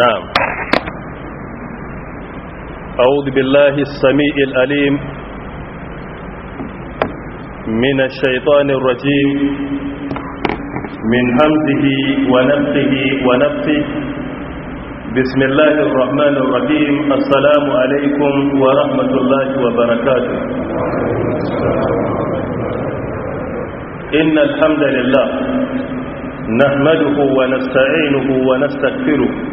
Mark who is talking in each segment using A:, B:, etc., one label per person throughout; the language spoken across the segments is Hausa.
A: نعم أعوذ بالله السميع الأليم من الشيطان الرجيم من همزه ونفسه ونفسه بسم الله الرحمن الرحيم السلام عليكم ورحمة الله وبركاته إن الحمد لله نحمده ونستعينه ونستغفره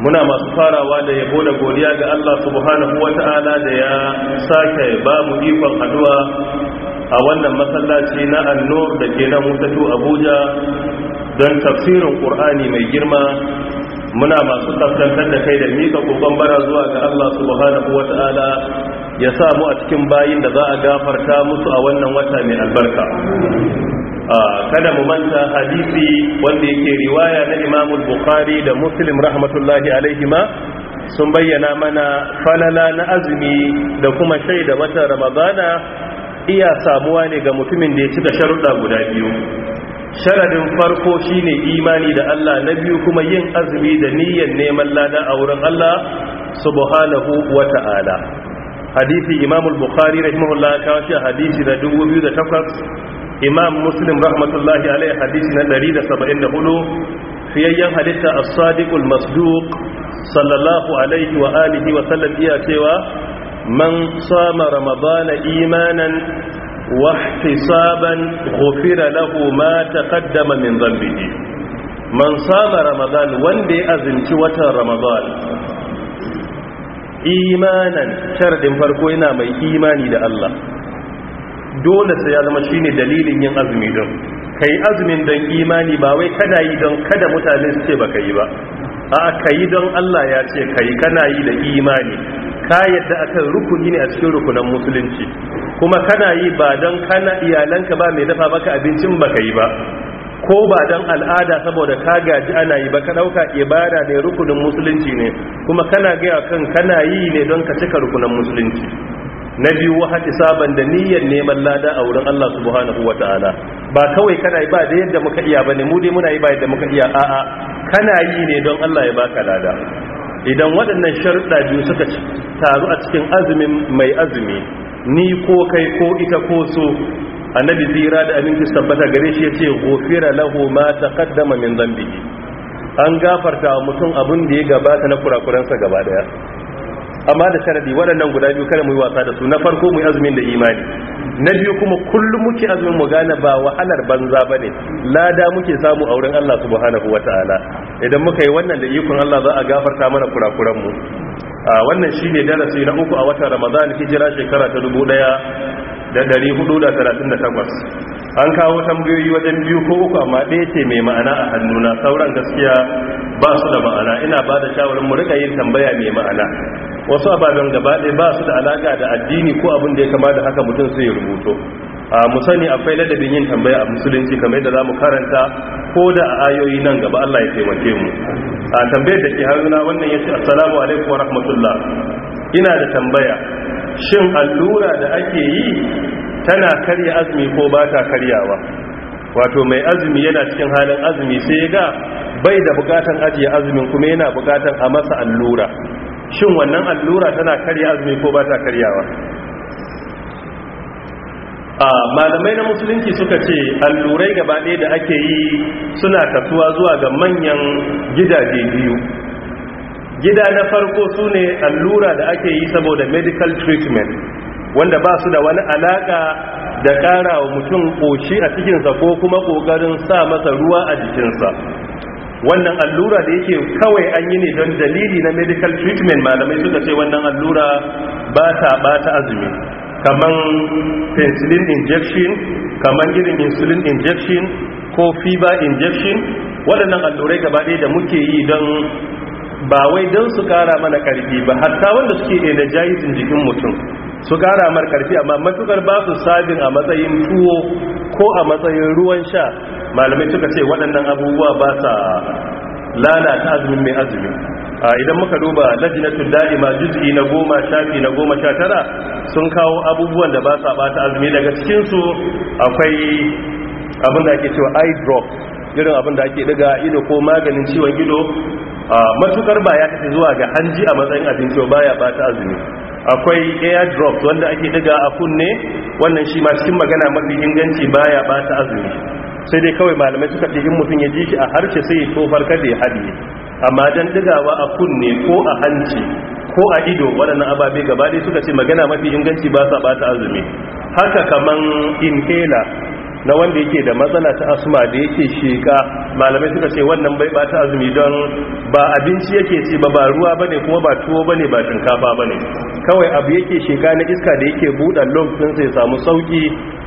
A: muna masu farawa da yabo da godiya ga Allah subhanahu wata'ala da ya sake ba mu ikon haduwa a wannan masallaci na annur da ke nan mutatu abuja don tafsirin ƙur'ani mai girma muna masu tsaftantar da kai da mika kokon bara zuwa ga Allah subhanahu wata'ala ya mu a cikin bayin da za a gafarta musu a wannan wata mai albarka Ah, kada mu manta hadisi wanda yake riwaya na Imam Bukhari da Muslim rahmatullahi alaihima sun bayyana mana falala na azumi da kuma da wata Ramadana iya samuwa ne ga mutumin da ya cika sharuɗa guda biyu sharadin farko shine imani da Allah na biyu kuma yin azumi da niyyar neman lada a wurin Allah subhanahu wa ta'ala hadisi Imam Bukhari rahimahullah ta wace hadisi da 2008 imam muslim rahmatullahi alaihi hadisi na 174 fiyayyen halitta as-sadiqul masduq sallallahu alaihi wa alihi wa sallam iya cewa man sama ramadana imanan wa ihtisaban ghufira lahu ma taqaddama min dhanbihi man sama ramadan wanda ya azinci watan ramadan imanan sharadin farko yana mai imani da Allah dole sai ya zama shine dalilin yin azumi don kai azumin dan imani ba wai kana yi don kada mutane su ce baka yi ba a kai don Allah ya ce kai kana yi da imani ka yadda akan rukuni ne a cikin rukunan musulunci kuma kana yi ba don kana iyalanka ba mai dafa baka abincin baka yi ba ko ba don al'ada saboda ka gaji ana yi ba ka ɗauka ibada ne rukunin musulunci ne kuma kana gaya kan kana yi ne don ka cika rukunin musulunci na biyu wa saban da niyyar neman lada a wurin Allah subhanahu wa ta'ala ba kawai kana yi ba da yadda muka iya bane mu dai muna yi ba yadda muka iya a'a kana yi ne don Allah ya baka lada idan waɗannan sharuɗa biyu suka taru a cikin azumin mai azumi ni ko kai ko ita ko so annabi zira da aminci tabbata gare shi ya yace gofira lahu ma taqaddama min dhanbihi an gafarta mutum abin da ya gabata na kurakuransa gaba daya amma da sharadi waɗannan guda biyu kada mu yi wasa da su na farko mu yi azumin da imani na biyu kuma kullum muke azumin mu gane ba wahalar banza bane lada muke samu a wurin Allah subhanahu ta'ala idan muka yi wannan da ikon Allah za a gafarta mana kurakuran mu wannan shine darasi na uku a watan Ramadan hijira shekara ta dubu da hudu da da 438 an kawo tambayoyi wajen biyu ko uku amma ɗaya ce mai ma'ana a hannuna sauran gaskiya ba su da ma'ana ina ba da shawarar mu rika yin tambaya mai ma'ana wasu ababen gaba ɗaya ba su da alaƙa da addini ko abin da ya kama da haka mutum sai ya rubuto a mu akwai ladabin yin tambaya a musulunci kamar yadda za mu karanta ko da a ayoyi nan gaba Allah ya taimake mu a tambayar da ke hannuna wannan ya ce assalamu alaikum wa rahmatullah ina da tambaya shin allura da ake yi tana karya azumi ko ba ta karyawa wato mai azumi yana cikin halin azumi sai ga bai da bukatan ajiye azumin kuma yana bukatan a masa allura shin wannan allura tana karya azumi ko ba ta karyawa a malamai na musulunci suka ce allurai gaba ɗaya da ake yi suna kasuwa zuwa ga manyan gidaje biyu gida na farko su ne allura da ake yi saboda medical treatment wanda ba su da wani alaka da ƙara wa mutum ƙoshi a cikinsa ko kuma ƙoƙarin sa masa ruwa a jikinsa wannan allura da yake kawai an yi ne don dalili na medical treatment malamai suka ce wannan allura ba ta azumi kaman penicillin injection kaman irin insulin injection ko fever injection waɗannan allurai gaba ɗaya da muke yi don ba wai don su kara mana karfi ba hatta wanda suke da jayizin jikin mutum su kara mana karfi amma matukar ba su sabin a matsayin tuwo ko a matsayin ruwan sha malamai suka ce waɗannan abubuwa ba sa lalata azumin mai azumi idan muka duba lajinatul da'ima juz'i na goma shafi na goma sha tara sun kawo abubuwan da ba sa bata azumi daga cikinsu akwai abin da ake cewa eye drop irin abin da ake daga ido ko maganin ciwon ido matukar ba ya tafi zuwa ga hanji a matsayin abinci ba ya bata azumi akwai airdrop wanda ake daga a kunne wannan shi ma cikin magana mafi inganci ba ya bata azumi sai dai kawai malamai suka ce in mutum ya ji shi a harshe sai ya farka kada ya haɗe amma dan digawa a kunne ko a hanci ko a ido waɗannan ababe gaba dai suka ce magana mafi inganci ba sa bata azumi haka kaman inhaler na wanda yake da matsala ta asma da yake sheka malamai suka ce wannan bai ta azumi don ba abinci yake ci ba ba ruwa bane kuma ba tuwo bane ba shinkafa bane kawai abu yake shiga na iska da yake buɗa lungs ɗinsa ya samu sauƙi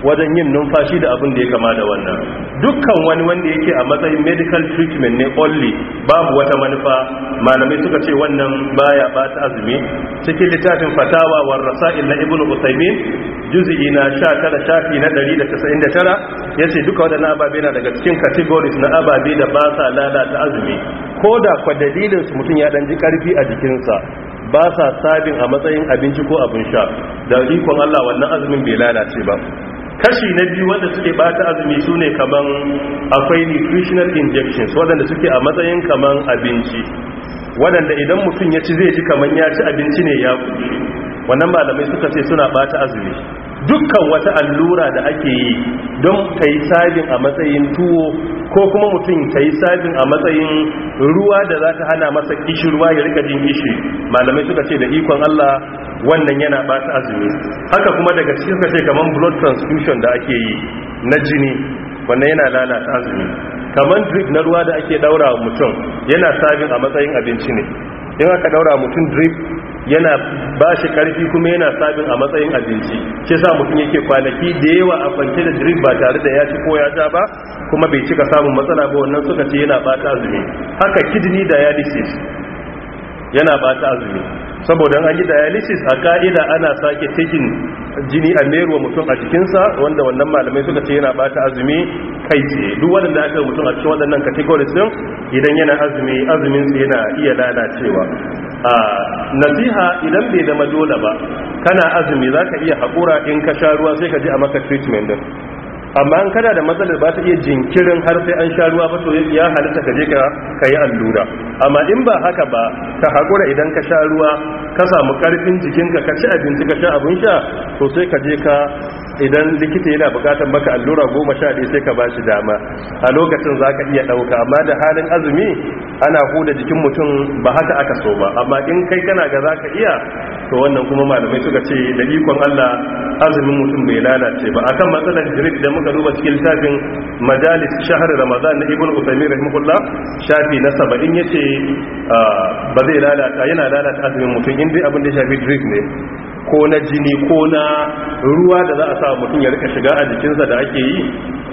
A: wajen yin numfashi da abin da ya kama da wannan dukkan wani wanda yake a matsayin medical treatment ne only babu wata manufa malamai suka ce wannan baya ba ta azumi cikin littafin fatawa war rasail na ibnu usaymin juz'i na 19 shafi na 199 yace duka wadannan ababe na daga cikin categories na ababe da ba sa lalata azumi ko da kwa dalilin su mutum ya dan ji karfi a jikinsa ba sa sabin a matsayin abinci ko abin sha da ikon Allah wannan azumin bai lalace ba kashi na biyu wanda suke bata azumi su ne kaman akwai nutritional injections wadanda suke a matsayin kaman abinci wadanda idan mutum ya ci zai ji kaman ya ci abinci ne ya kuɗi wannan malamai suka ce suna bata azumi dukkan wata allura da ake yi don ta yi sabin a matsayin tuwo ko kuma mutum ta yi sabin a matsayin ruwa da za ta hana masa kishi ruwa ya rika jin kishi malamai suka ce da ikon Allah wannan yana bata azumi haka kuma daga cikin suka ce kamar blood transfusion da ake yi na jini wannan yana lalata azumi kamar drip na ruwa da ake daura mutum yana sabin a matsayin abinci ne in aka daura mutum drip yana ba shi karfi kuma yana sabin a matsayin abinci shi sa mutum yake kwanaki da yawa a kwance da drink ba tare da ya ci ko ya ja ba kuma bai cika samun matsala ba wannan suka ce yana bata azumi haka kidney dialysis yana bata azumi saboda an yi dialysis a ka'ida ana sake cikin jini a meruwa mutum a jikinsa wanda wannan malamai suka ce yana bata azumi kai ce, duk waɗanda aka mutum a cikin waɗannan categories din idan yana azumi azumin yana iya lalacewa a nasiha idan bai zama dole ba kana azumi za ka iya haƙura in ka sha ruwa sai ka ji a maka treatment din amma an kana da matsalar ba ta iya jinkirin har sai an sha ruwa ba to ya halitta ka je ka yi allura amma in ba haka ba ka haƙura idan ka sha ruwa ka samu ƙarfin jikinka ka ci abinci ka sha abin sha to sai ka je ka idan likita yana bukatar maka allura goma sha ɗaya sai ka ba shi dama a lokacin za ka iya ɗauka amma da halin azumi ana huda jikin mutum ba haka aka so ba amma in kai kana ga za ka iya to wannan kuma malamai suka ce da ikon allah azumin mutum bai lalace ba A kan matsalar jirik da muka duba cikin littafin majalis shahar ramadan na ibn usaimi rahimahullah shafi na saba'in ya ce ah, ba zai lalata yana lalata azumin mutum in dai abin da shafi jirik ne ko na jini ko na ruwa da za a sa mutum ya rika shiga a jikinsa da ake yi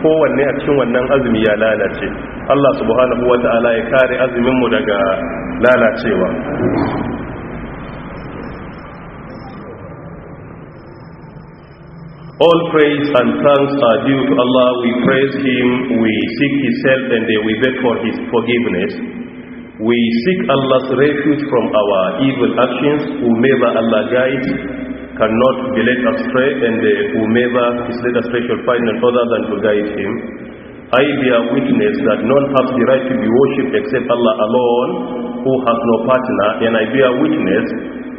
A: kowanne a cikin wannan azumi ya lalace Allah subhanahu wata'ala ya kare azuminmu daga lalacewa All praise and thanks are due to Allah. We praise Him, we seek His help, and we beg for His forgiveness. We seek Allah's refuge from our evil actions. Whomever Allah guides, cannot be led astray, and uh, whomever is led astray shall find none other than to guide him. I bear witness that none has the right to be worshipped except Allah alone, who has no partner, and I bear witness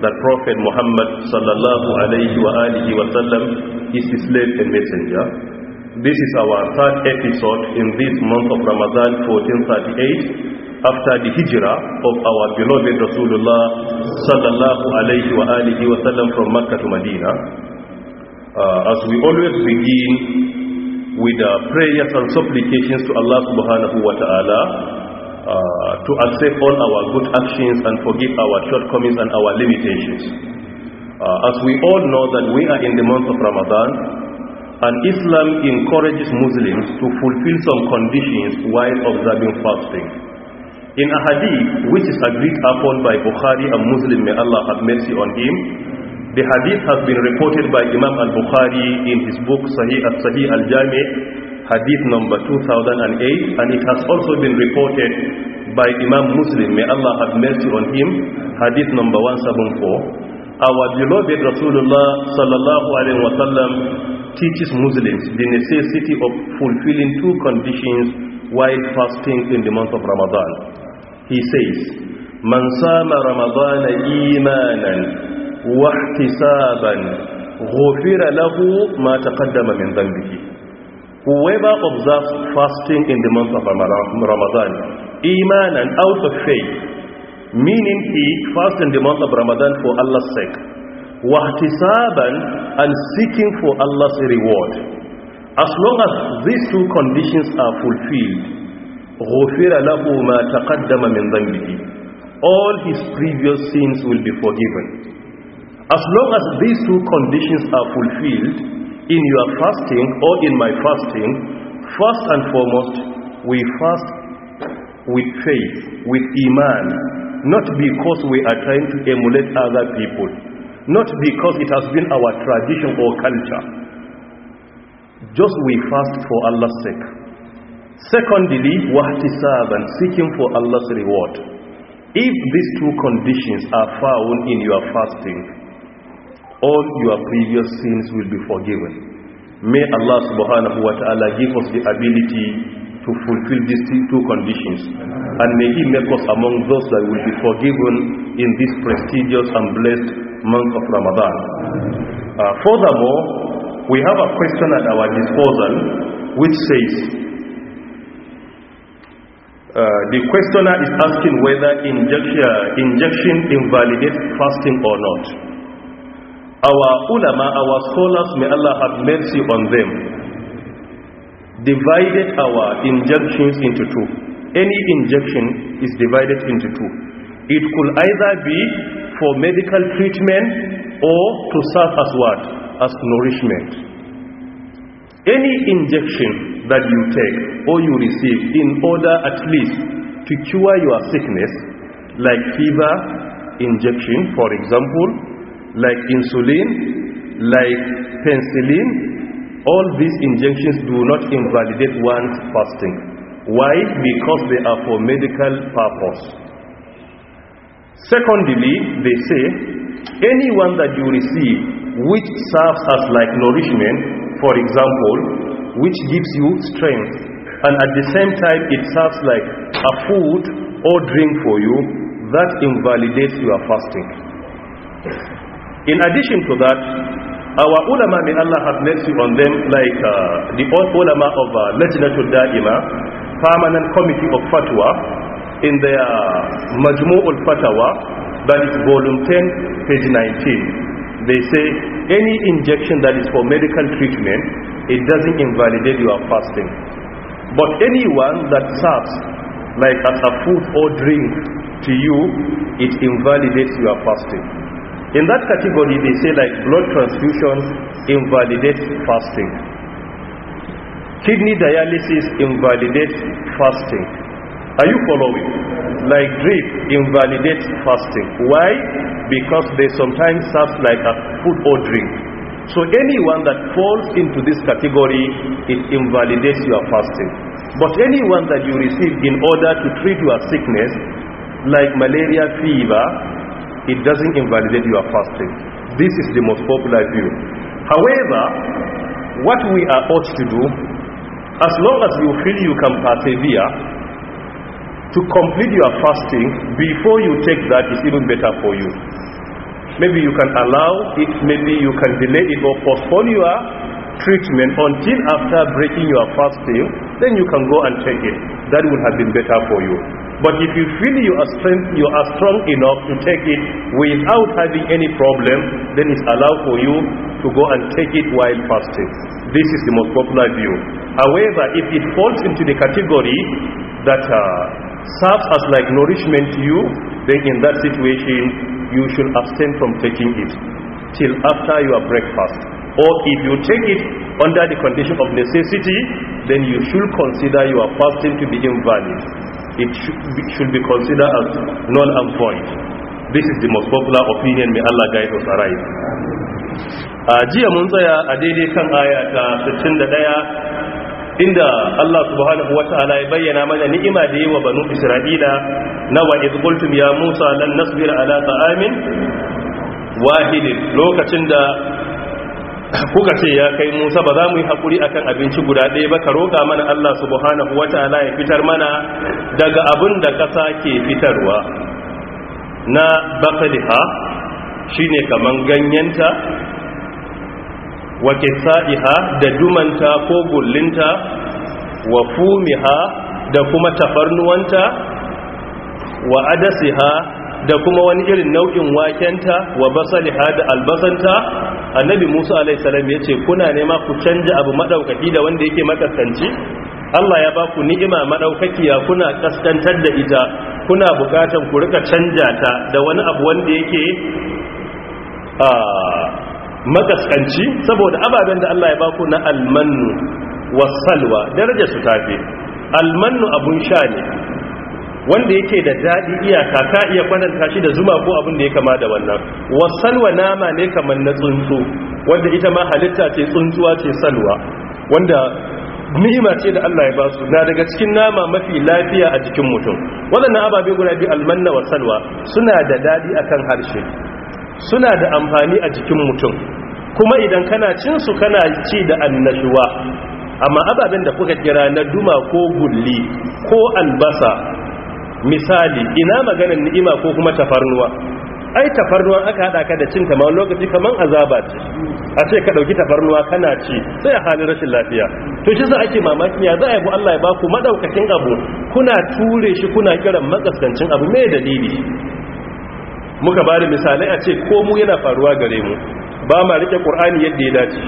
A: that Prophet Muhammad sallallahu alayhi wa alihi wa sallam is his slave and messenger. This is our third episode in this month of Ramadan 1438 after the hijrah of our beloved Rasulullah sallallahu alayhi wa alihi wa sallam from Makkah to Medina. Uh, as we always begin with uh, prayers and supplications to Allah subhanahu wa ta'ala uh, to accept all our good actions and forgive our shortcomings and our limitations. Uh, as we all know that we are in the month of Ramadan and Islam encourages Muslims to fulfill some conditions while observing fasting. in a hadith which is agreed upon by Bukhari and Muslim, may Allah have mercy on him, the hadith has been reported by Imam al-Bukhari in his book Sahih al-Sahih al-Jami, hadith number 2008, and it has also been reported by Imam Muslim, may Allah have mercy on him, hadith number 174. Our beloved Rasulullah sallallahu alayhi wa sallam teaches Muslims the necessity of fulfilling two conditions while fasting in the month of Ramadan. He says, من صام رمضان ايمانا واحتسابا غفر له ما تقدم من ذنبه Whoever observes fasting in the month of Ramadan, ايمانا out of faith, meaning he fasts in the month of Ramadan for Allah's sake, واحتسابا and seeking for Allah's reward. As long as these two conditions are fulfilled, غُفِرَ لَهُ مَا تَقَدَّمَ مِنْ ذَنْبِهِ All his previous sins will be forgiven. As long as these two conditions are fulfilled in your fasting or in my fasting, first and foremost, we fast with faith, with iman, not because we are trying to emulate other people, not because it has been our tradition or culture. Just we fast for Allah's sake. Secondly, wahtisaban, seeking for Allah's reward. If these two conditions are found in your fasting, all your previous sins will be forgiven. May Allah subhanahu wa ta'ala give us the ability to fulfill these two conditions. And may He make us among those that will be forgiven in this prestigious and blessed month of Ramadan. Uh, furthermore, we have a question at our disposal which says, Uh, the questioner is asking whether injection, uh, injection invalidates fasting or not. Our ulama, our scholars, may Allah have mercy on them, divided our injections into two. Any injection is divided into two. It could either be for medical treatment or to serve as what? As nourishment. Any injection that you take or you receive in order at least to cure your sickness like fever injection for example like insulin like penicillin all these injections do not invalidate one's fasting why because they are for medical purpose secondly they say anyone that you receive which serves as like nourishment for example which gives you strength, and at the same time it serves like a food or drink for you that invalidates your fasting. In addition to that, our ulama, may Allah have mercy on them, like uh, the old ulama of uh, Lajnatul Da'ima, Permanent Committee of Fatwa, in their Majmu' al-Fatawa, that is volume 10, page 19. They say, any injection that is for medical treatment it doesn't invalidate your fasting. But anyone that serves like as a food or drink to you, it invalidates your fasting. In that category, they say like blood transfusion invalidates fasting. Kidney dialysis invalidates fasting. Are you following? Like drip invalidates fasting. Why? Because they sometimes serve like a food or drink. So anyone that falls into this category, it invalidates your fasting. But anyone that you receive in order to treat your sickness, like malaria fever, it doesn't invalidate your fasting. This is the most popular view. However, what we are ought to do, as long as you feel you can persevere, to complete your fasting before you take that is even better for you. Maybe you can allow it, maybe you can delay it or postpone your treatment until after breaking your fast then you can go and take it. That would have been better for you. But if you feel you are, strength, you are strong enough to take it without having any problem, then it's allowed for you to go and take it while fasting. This is the most popular view. However, if it falls into the category that uh, serves as like nourishment to you, then in that situation, you should abstain from taking it till after your breakfast or if you take it under the condition of necessity then you should consider your fasting to be invalid it should be, considered as null and void this is the most popular opinion may Allah guide us aright a uh, jiya mun tsaya a daidai kan aya ta 61 inda Allah subhanahu wa ta'ala ya bayyana mana ni'ima da yi wa banu Isra'ila na wa iz qultum ya Musa lan nasbira ala ta'amin wahid lokacin da kuka ce ya kai Musa ba za mu yi hakuri akan abinci guda ɗaya ba ka roƙa mana Allah subhanahu wa ta'ala ya fitar mana daga abin da ƙasa ke fitarwa na bakaliha shine kaman ganyenta wa kisa'iha da dumanta ko gullinta wa fumiha da kuma tafarnuwanta wa adasiha da kuma wani irin nau'in wakenta wa basaliha da albasanta annabi musa alaihi salam ya ce kuna nema ku canja abu madaukaki da wanda yake makasanci Allah ya ba ku ni'ima ya kuna kaskantar da ita kuna bukatan ku rika canja ta da wani abu wanda yake a ah, makaskanci saboda ababen da Allah ya baku na almannu wasalwa daraja su tafi almanu abun sha ne wanda yake da daɗi iyaka ka iya kwananta shi da zuma ko abin da ya kama da wannan wasalwa nama ne kamar na tsuntsu wanda ita ma halitta ce tsuntsuwa ce salwa wanda nima ce da Allah ya ba su na daga cikin nama mafi lafiya a jikin mutum waɗannan ababe guda biyu almanna wasalwa suna da daɗi akan harshe suna da amfani a jikin mutum kuma idan kana cinsu kana ci da annashuwa amma ababen da kuka kira na duma ko gulli ko albasa misali ina maganin ni'ima ko kuma tafarnuwa ai tafarnuwa aka hada ka da cin ta ma lokaci kaman azaba ce a ce ka dauki tafarnuwa kana ci sai a halin rashin lafiya to shi sa ake mamaki ya za a yabo Allah ya ba ku madaukakin abu kuna ture shi kuna kiran makaskancin abu me dalili muka ba da misalai a ce ko mu yana faruwa gare mu ba ma rike qur'ani yadda ya dace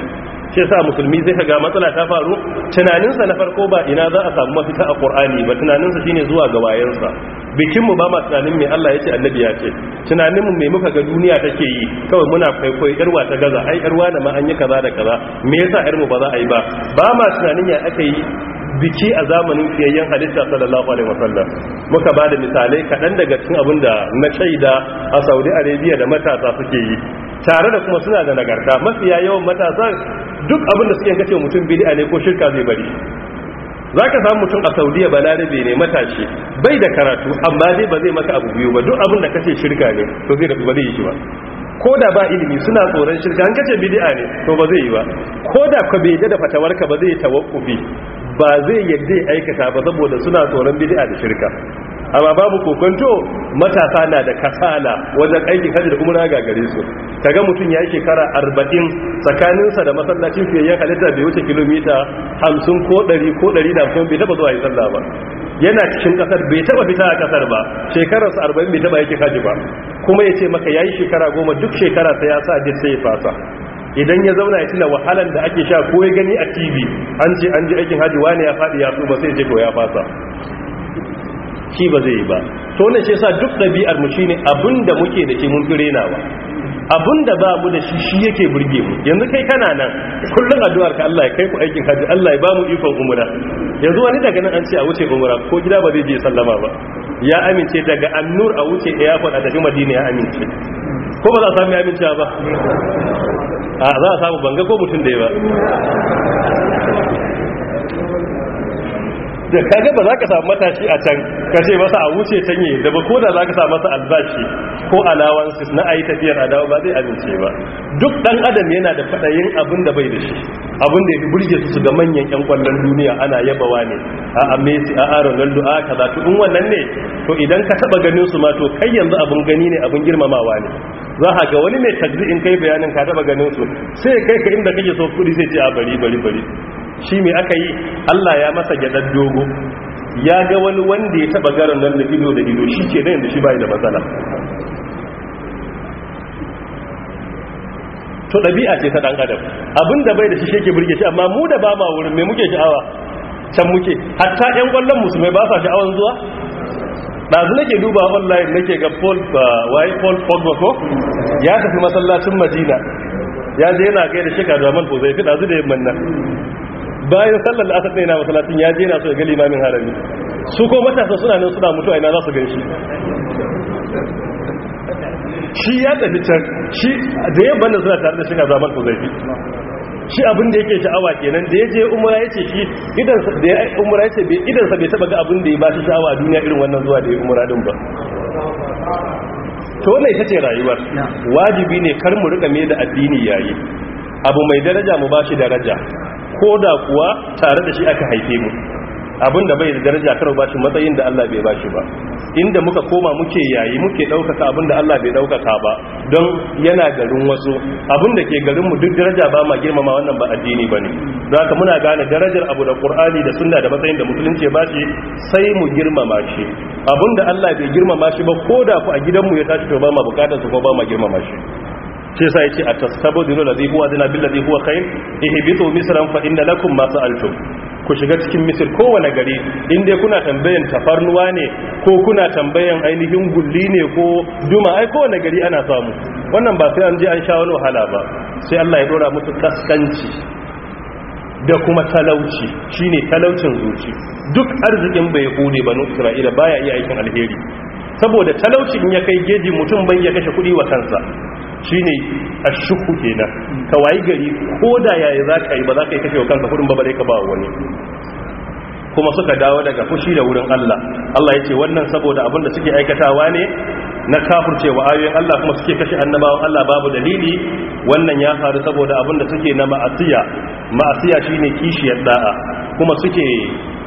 A: shi sa musulmi zai ga matsala ta faru tunaninsa na farko ba ina za a samu mafita a qur'ani ba tunaninsa shine zuwa ga wayansa bikin ba ma tunanin me Allah ya ce annabi ya ce tunanin mu me muka ga duniya take yi kawai muna kwaikwayo yarwa ta gaza ai yarwa da ma an yi kaza da kaza me yasa yarmu ba za a yi ba ba ma tunanin ya aka yi biki a zamanin fiyayyen halitta sallallahu alaihi wasallam muka ba da misalai kaɗan daga cikin abin da na shaida a saudi arabia da matasa suke yi tare da kuma suna da nagarta mafi yawan matasa duk abin da suke kace mutum bid'a ne ko shirka zai bari za ka samu mutum a saudiya balarabe ne matashi bai da karatu amma dai ba zai maka abu biyu ba duk abin da kace shirka ne to zai rabu ba zai yi shi ba ko da ba ilimi suna tsoron shirka an kace bid'a ne to ba zai yi ba ko da ka bai da fatawarka ba zai tawakkufi ba zai yadda ya aikata ba saboda suna tsoron bid'a da shirka amma babu kokonto matasa na da kasala wajen aikin hajji da umra ga gare su Ta ga mutum ya yi shekara arba'in tsakaninsa da masallacin ya halitta bai wuce kilomita hamsin ko ɗari ko ɗari kuma bai taba zuwa yi sallah ba yana cikin kasar bai taba fita a kasar ba shekarar arba'in bai taba yake hajji ba kuma ya ce maka ya yi shekara goma duk shekara ta ya sa dit sai ya fasa idan ya zauna ya tuna wahalan da ake sha ko ya gani a tv an ce an ji aikin hajji wani ya faɗi ya ba sai ce ya fasa shi ba zai yi ba to wannan shi yasa duk ɗabi'ar mu shine abinda muke da shi mun fi renawa abinda ba mu da shi shi yake burge mu yanzu kai kana nan kullum addu'ar ka Allah ya kai ku aikin hajji Allah ya ba mu ikon umra yanzu wani daga nan an ce a wuce umra ko gida ba zai je sallama ba ya amince daga annur a wuce airport a tafi madina ya amince ko ba za a sami amincewa ba a za a samu banga ko mutum da ba da kaga ba za ka samu matashi a can ka ce masa a wuce can yi da ba ko da za ka samu masa albashi ko allowances na ayi tafiyar adawa ba zai amince ba duk dan adam yana da fadayin abin da bai da shi abin da ya burge su su ga manyan yan kwallon duniya ana yabawa ne a amesi a aron lallu a kaza to in wannan ne to idan ka taba ganin su ma to kai yanzu abin gani ne abin girmamawa ne za ka ga wani mai tajzi in kai bayanin ka taba ganin su sai kai ka inda kake so kudi sai ce a bari bari bari shi mai aka yi Allah ya masa gyadar dogo ya ga wani wanda ya taba garin nan da ido da ido shi ke nan da shi bai da matsala to ɗabi'a ce ta ɗan adam abin da bai da shi shi ke burge shi amma mu da ba ma wurin mai muke sha'awa can muke hatta 'yan ƙwallon musulmai ba sa sha'awan zuwa ɗazu nake duba online nake ga paul waye paul pogba ko ya tafi masallacin madina ya je yana gaida shekaru amal ko zai fi ɗazu da yin nan bayan sallar la'asar ɗaya na masalatin ya je na so ya gali mamin harami su ko matasa suna nan suna mutu aina za su gan shi shi ya tafi can shi da yamma da suna tare da shi na zaman ko zaifi shi abin da yake sha'awa kenan da ya je umura ya ce shi idansa da ya ya ce idansa bai taba ga abin da ya ba shi sha'awa duniya irin wannan zuwa da ya umura din ba to wannan ita ce rayuwar wajibi ne kar mu rika me da addini yayi abu mai daraja mu bashi daraja ko da kuwa tare da shi aka haife mu abin da bai da daraja karo ba shi matsayin da Allah bai ba shi ba inda muka koma muke yayi muke ɗaukaka abin da Allah bai ɗaukaka ba don yana garin wasu abin da ke garinmu duk daraja ba ma girmama wannan ba addini ba ne don haka muna gane darajar abu da qur'ani da sunna da matsayin da musulunci ba shi sai mu girmama shi abin da Allah bai girmama shi ba ko da ku a gidanmu ya tashi to ba ma bukatarsa ko ba ma girmama shi sai sa yace atastabdilu ladhi huwa adna bil ladhi huwa khair ihbitu misran fa inna lakum ma sa'altum ku shiga cikin misir kowane gari inda kuna tambayan tafarnuwa ne ko kuna tambayan ainihin gulli ne ko duma ai kowane gari ana samu wannan ba sai an je an sha wani wahala ba sai Allah ya dora musu kaskanci da kuma talauci shine talaucin zuci duk arzikin bai hude banu isra'ila baya iya aikin alheri saboda talauci in ya kai geji mutum bai ya kashe kuɗi wa kansa shine ke kenan ka wayi gari ko da yaya za ka yi ba za ka yi kashewa kanka kudin ba bare ka ba wani kuma suka dawo daga fushi da wurin Allah Allah ya ce wannan saboda abin da suke aikatawa ne na kafurcewa ayoyin Allah kuma suke kashe annabawan Allah babu dalili wannan ya faru saboda abin da suke na ma'asiya ma'asiya shine kishiyar da'a kuma suke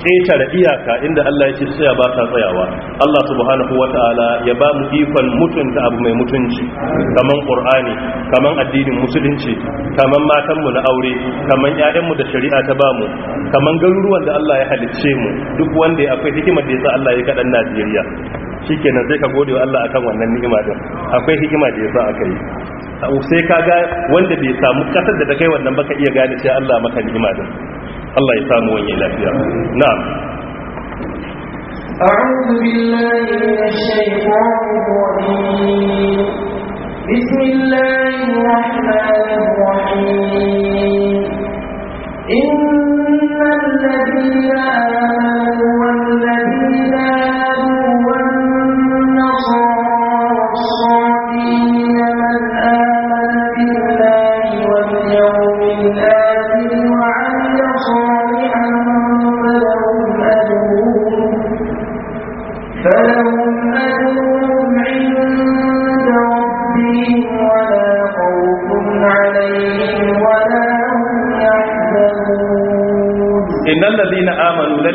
A: ƙetare iyaka inda Allah ya ce tsaya ba ta tsayawa Allah subhanahu wata'ala ya ba mu ikon mutunta abu mai mutunci kaman qur'ani kaman addinin musulunci kaman matan mu na aure kaman ƴaƴan mu da shari'a ta ba mu kaman garuruwan da Allah ya halicce mu duk wanda akwai hikimar da sa Allah ya kaɗan Najeriya shikenan sai ka gode wa Allah akan wannan ni'ima din akwai hikima da sa aka yi sai ka ga wanda bai samu kasar da ta kai wannan baka iya gane cewa Allah maka ni'ima din الله يسامو وين wani lafiya na'am
B: أعوذ بالله من الشيطان الرجيم بسم الله الرحمن الرحيم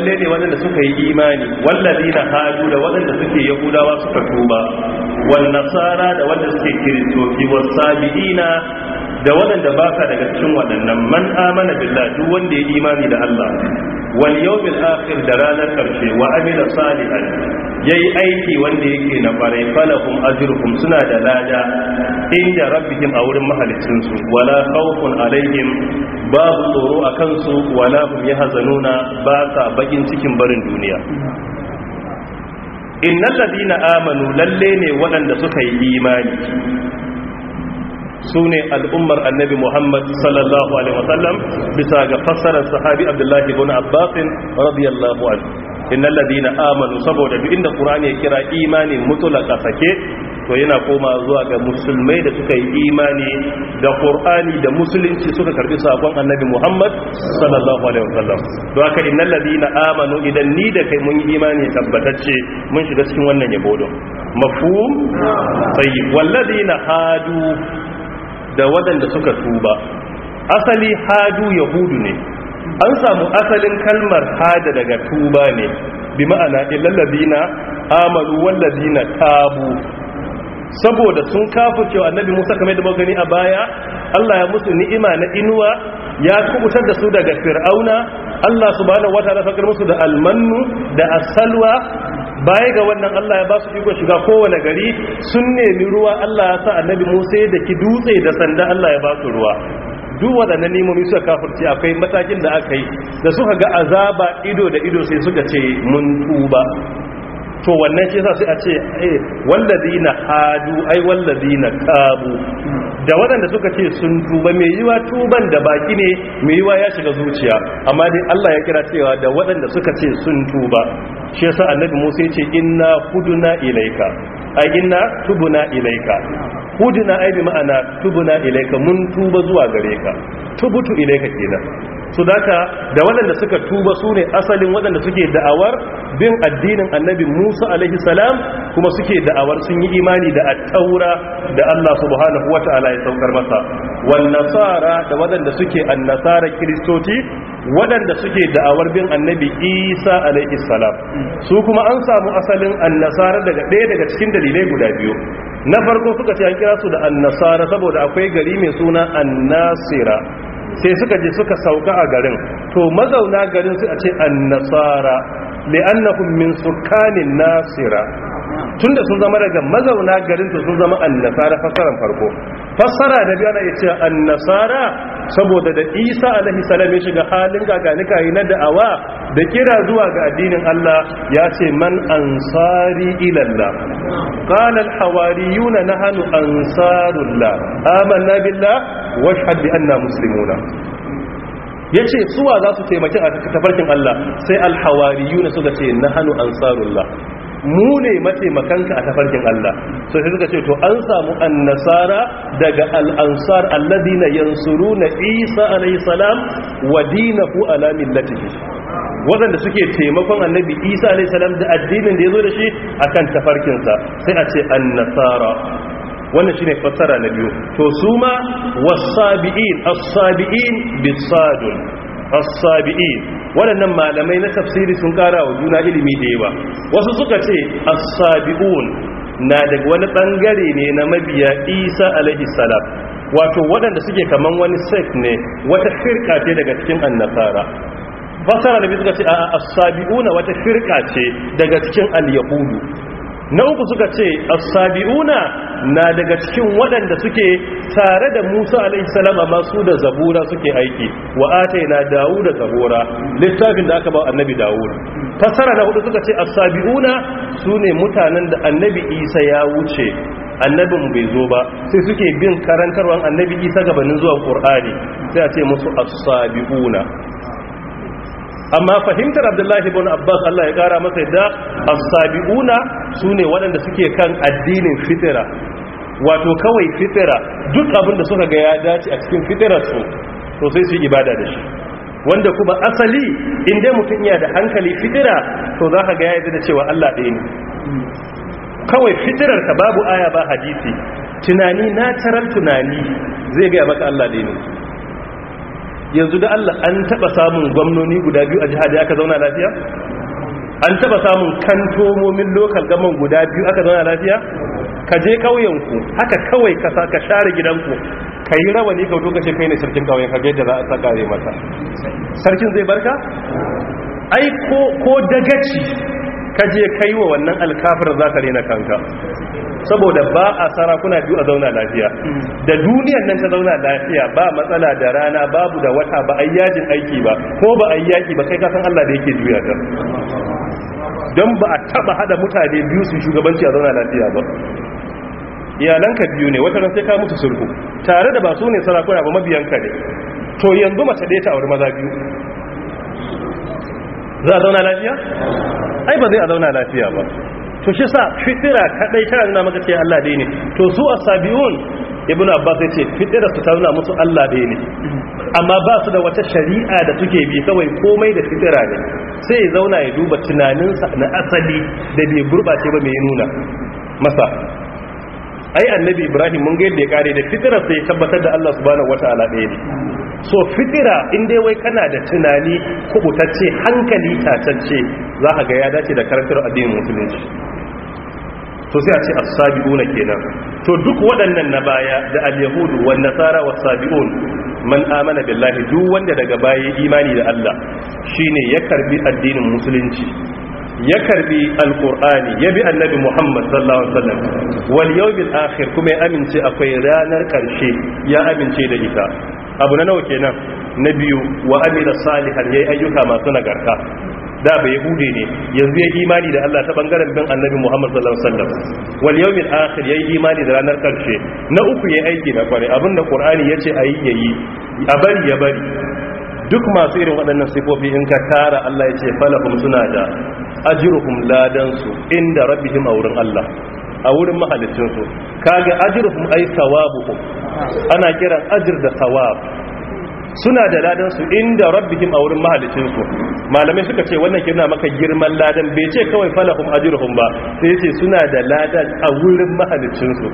A: lalle ne suka yi imani na hadu da wadanda suke yahudawa suka tuba wal nasara da wadanda suke kiristoci was sabiina da waɗanda ba daga cikin waɗannan man amana billahi duk wanda ya imani da Allah wal yawmil akhir da ranar karshe wa amila salihan yayi aiki wanda yake na farai falahum ajruhum suna da lada inda rabbihim a wurin mahalicin su wala khawfun alaihim babu tsoro a kansu wala hum yahzanuna ba sa bakin cikin barin duniya Inna ladina amanu lalle ne waɗanda suka yi imani su ne al'ummar annabi Muhammad sallallahu Alaihi wasallam bisa ga fassarar sahabi Abdullahi ibn Abbasin radiyallahu anhu. Inna ladina amanu saboda duk inda Qur'ani ya kira imani mutulaka sake to yana koma zuwa ga musulmai da suka yi imani da qur'ani da musulunci suka karbi sakon annabi muhammad sallallahu alaihi wasallam to aka innal ladina amanu idan ni da kai mun yi imani tabbatacce mun shiga cikin wannan yabo don mafhum tayyib wal ladina hadu da wadanda suka tuba asali hadu yahudu ne an samu asalin kalmar hada daga tuba ne bi ma'ana illal ladina amalu wal ladina tabu saboda sun cewa annabi Musa kamar da magani a baya Allah ya musu ni'ima na inuwa ya kubutar da su daga fir'auna Allah subhanahu wataala fakar musu da almannu da asalwa baya ga wannan Allah ya ba su iko shiga kowane gari sun nemi ruwa Allah ya sa annabi Musa da ki dutse da sanda Allah ya ba su ruwa duk waɗannan nemomi suka kafirce akwai matakin da aka yi da suka ga azaba ido da ido sai suka ce mun tuba to wannan shi yasa sai a ce eh na hadu ai na kabu da waɗanda suka ce sun tuba mai yiwa tuban da baki ne mai yiwa ya shiga zuciya amma dai Allah ya kira cewa da waɗanda suka ce sun tuba shi yasa annabi Musa ya ce inna huduna ilaika ai inna tubuna ilaika hudina ai ma'ana tubuna ilaika mun tuba zuwa gare ka tubutu ilaika kenan su daka da waɗanda suka tuba su ne asalin waɗanda suke da'awar bin addinin annabi musa alaihi salam kuma suke da'awar sun yi imani da attaura da allah subhanahu wa ta'ala ya saukar masa da waɗanda suke annasara kiristoci waɗanda suke da'awar bin annabi isa alaihi salam su kuma an samu asalin annasara daga ɗaya daga cikin dalilai guda biyu na farko suka ce an kira su da annasara saboda akwai gari mai suna annasira sai suka je suka sauka a garin to mazauna garin sai a ce annasara li'annahum min sukanin nasira tunda sun zama daga mazauna garin to sun zama annasara fasaran farko fassara da biyu ya ce an annasara saboda da isa alaihi salam ya shiga halin gaganika yi na da'awa da kira zuwa ga addinin Allah ya ce man ansari ilallah qala alhawariyun nahnu ansarullah amanna billa wasu bi anna musulmuna. ya ce suwa za su taimaki a tafarkin Allah sai alhawari yuna suka ce na hannu ansarullah mu ne mataimakanka a tafarkin Allah so sai suka ce to an samu annasara daga al-ansar alladina yansuruna Isa alayhi salam wa dinahu ala millatihi waɗanda suke taimakon annabi Isa alayhi salam da addinin da yazo da shi akan tafarkinsa sai a ce annasara wannan shine fassara na biyu to suma wasabi'in, was-sabiin as-sabiin bis as sabii waɗannan malamai na tafsiri sun ƙara wa juna ilimi da yawa wasu suka ce as-sabi'un na da wani ɓangare ne na mabiya isa alaihi salam wato waɗanda suke kaman wani sect ne wata firka ce daga cikin annasara fasara da suka ce a as-sabi'una wata firka ce daga cikin al-yahudu na uku suka ce Asabi'una na daga cikin waɗanda suke tare da Musa alaihi salam amma su da zabura suke aiki wa na Dawud da zabura littafin da aka ba annabi Dawud fasara na hudu suka ce Asabi'una su sune mutanen da annabi Isa ya wuce annabin bai zo ba sai suke bin karantarwan annabi Isa gabanin zuwa Qur'ani sai a ce musu Asabi'una. amma fahimtar abdullahi ibn abbas Allah ya kara masa yadda as-sabiuna sune waɗanda suke kan addinin fitira wato kawai fitira duk abin da suka ga ya dace a cikin fitirar su to sai su ibada da shi wanda kuma asali inda mutum ya da hankali fitira to za ka ga ya yadda da cewa Allah ɗaya ne kawai fitirar ka babu aya ba hadisi tunani na tarar tunani zai ga maka Allah ɗaya ne yanzu da Allah an taba samun gwamnoni guda biyu a jihar da aka zauna lafiya an taba samun kantomomin lokal gaman guda biyu aka zauna lafiya ka je kauyenku haka kawai ka ka share gidanku ka yi rawani ka wuto kace kai ne sarkin kauyen ka ga yadda za a saka mata sarkin zai barka ai ko dagaci ka je kai wa wannan alkafir za ka rena kanka saboda ba a sarakuna biyu a zauna lafiya da duniyar nan ta zauna lafiya ba matsala da rana babu da wata ba ayyajin aiki ba ko ba ayyaki ba kai kasan Allah da yake juya ta don ba a taba hada mutane biyu su shugabanci a zauna lafiya ba iyalanka biyu ne wata ran sai ka mutu sulhu tare da ba su ne sarakuna ba mabiyanka ne to yanzu mace ɗaya ta auri maza biyu za a zauna lafiya ai ba zai a zauna lafiya ba to shi sa fitira kadai tana nuna maka ce Allah ɗaya ne to su asabiun ibnu abbas yace fitira su ta nuna musu Allah ɗaya ne amma ba su da wata shari'a da suke bi kawai komai da fitira ne sai ya zauna ya duba tunaninsa na asali da bai gurbace ba mai nuna masa ai annabi ibrahim mun ga yadda ya kare da fitira sai ya tabbatar da Allah subhanahu wataala ɗaya ne so fitira in dai wai kana da tunani kubutacce hankali tatacce za a ga ya dace da karantar addinin musulunci to sai a ce as-sabiquna kenan to duk waɗannan na baya da al-yahudu wan nasara was Sabi'un, man amana billahi duk wanda daga baya imani da Allah shine ya karbi addinin musulunci ya karbi alkur'ani ya bi annabi muhammad sallallahu alaihi wasallam wal yawmil akhir kuma ya amince akwai ranar karshe ya amince da ita abu na nawa kenan na biyu wa amila salihan yayi ayyuka masu nagarta da bai yahude ne yanzu ya imani da Allah ta bangaren bin annabi Muhammad sallallahu alaihi wasallam wal yawmil akhir yayi imani da ranar karshe na uku yayi aiki na kware abinda Qur'ani yace ayi yayi a bari ya bari duk masu irin waɗannan sifofi in ka tara Allah yace falahum suna da ajruhum ladan su inda rabbihim a wurin Allah a wurin mahalicinsu kaga ajruhum ay thawabuhum ana kiran ajir da sawab suna da ladan su inda rabbihim a wurin mahalicinsu malamai suka ce wannan kirna maka girman ladan bai ce kawai falahum ajruhum ba sai ce suna da ladan a wurin mahalicinsu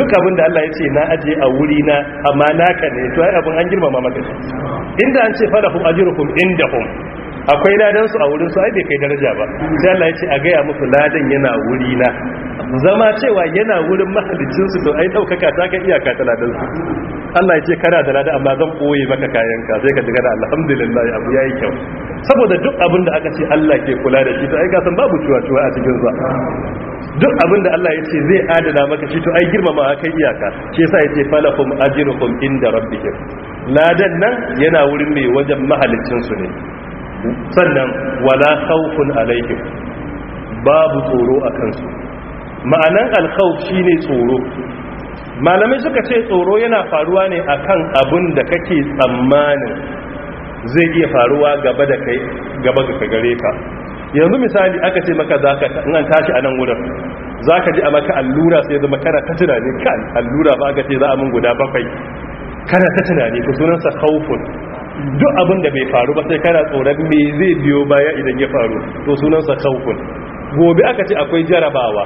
A: duk abin da Allah ya ce na aje a wuri na amma na kane to ai abin an girmama maka inda an ce falahum ajruhum indahum akwai ladan su a wurin su ai bai kai daraja ba sai Allah ya ce a gaya musu ladan yana wuri na zama cewa yana wurin mahallicin su to ai daukaka ta kan iyaka ta ladan su Allah ya ce kana da ladan amma zan koye maka kayan ka sai ka ji kana alhamdulillah abu yayi kyau saboda duk abin da aka ce Allah ke kula da shi to ai ka san babu ciwa-ciwa a cikin sa duk abin da Allah ya ce zai adana maka shi to ai girmama kai iyaka shi yasa ya ce falakum ajrukum inda rabbikum ladan nan yana wurin mai wajen mahallicin su ne sannan wala khawfun alaihim babu tsoro a kansu ma'anan alkhawf shine tsoro malamai suka ce tsoro yana faruwa ne akan abin da kake tsammanin zai iya faruwa gaba da kai gaba ga gare ka yanzu misali aka ce maka zaka in an tashi a nan wurin zaka ji a maka allura sai zama kana ta tunani kan allura ba aka ce za a mun guda bakwai kana ta tunani ku sunansa khawfun duk abin da bai faru ba sai kana tsoron me zai biyo baya idan ya faru to sunansa khawfun gobe aka ce akwai jarabawa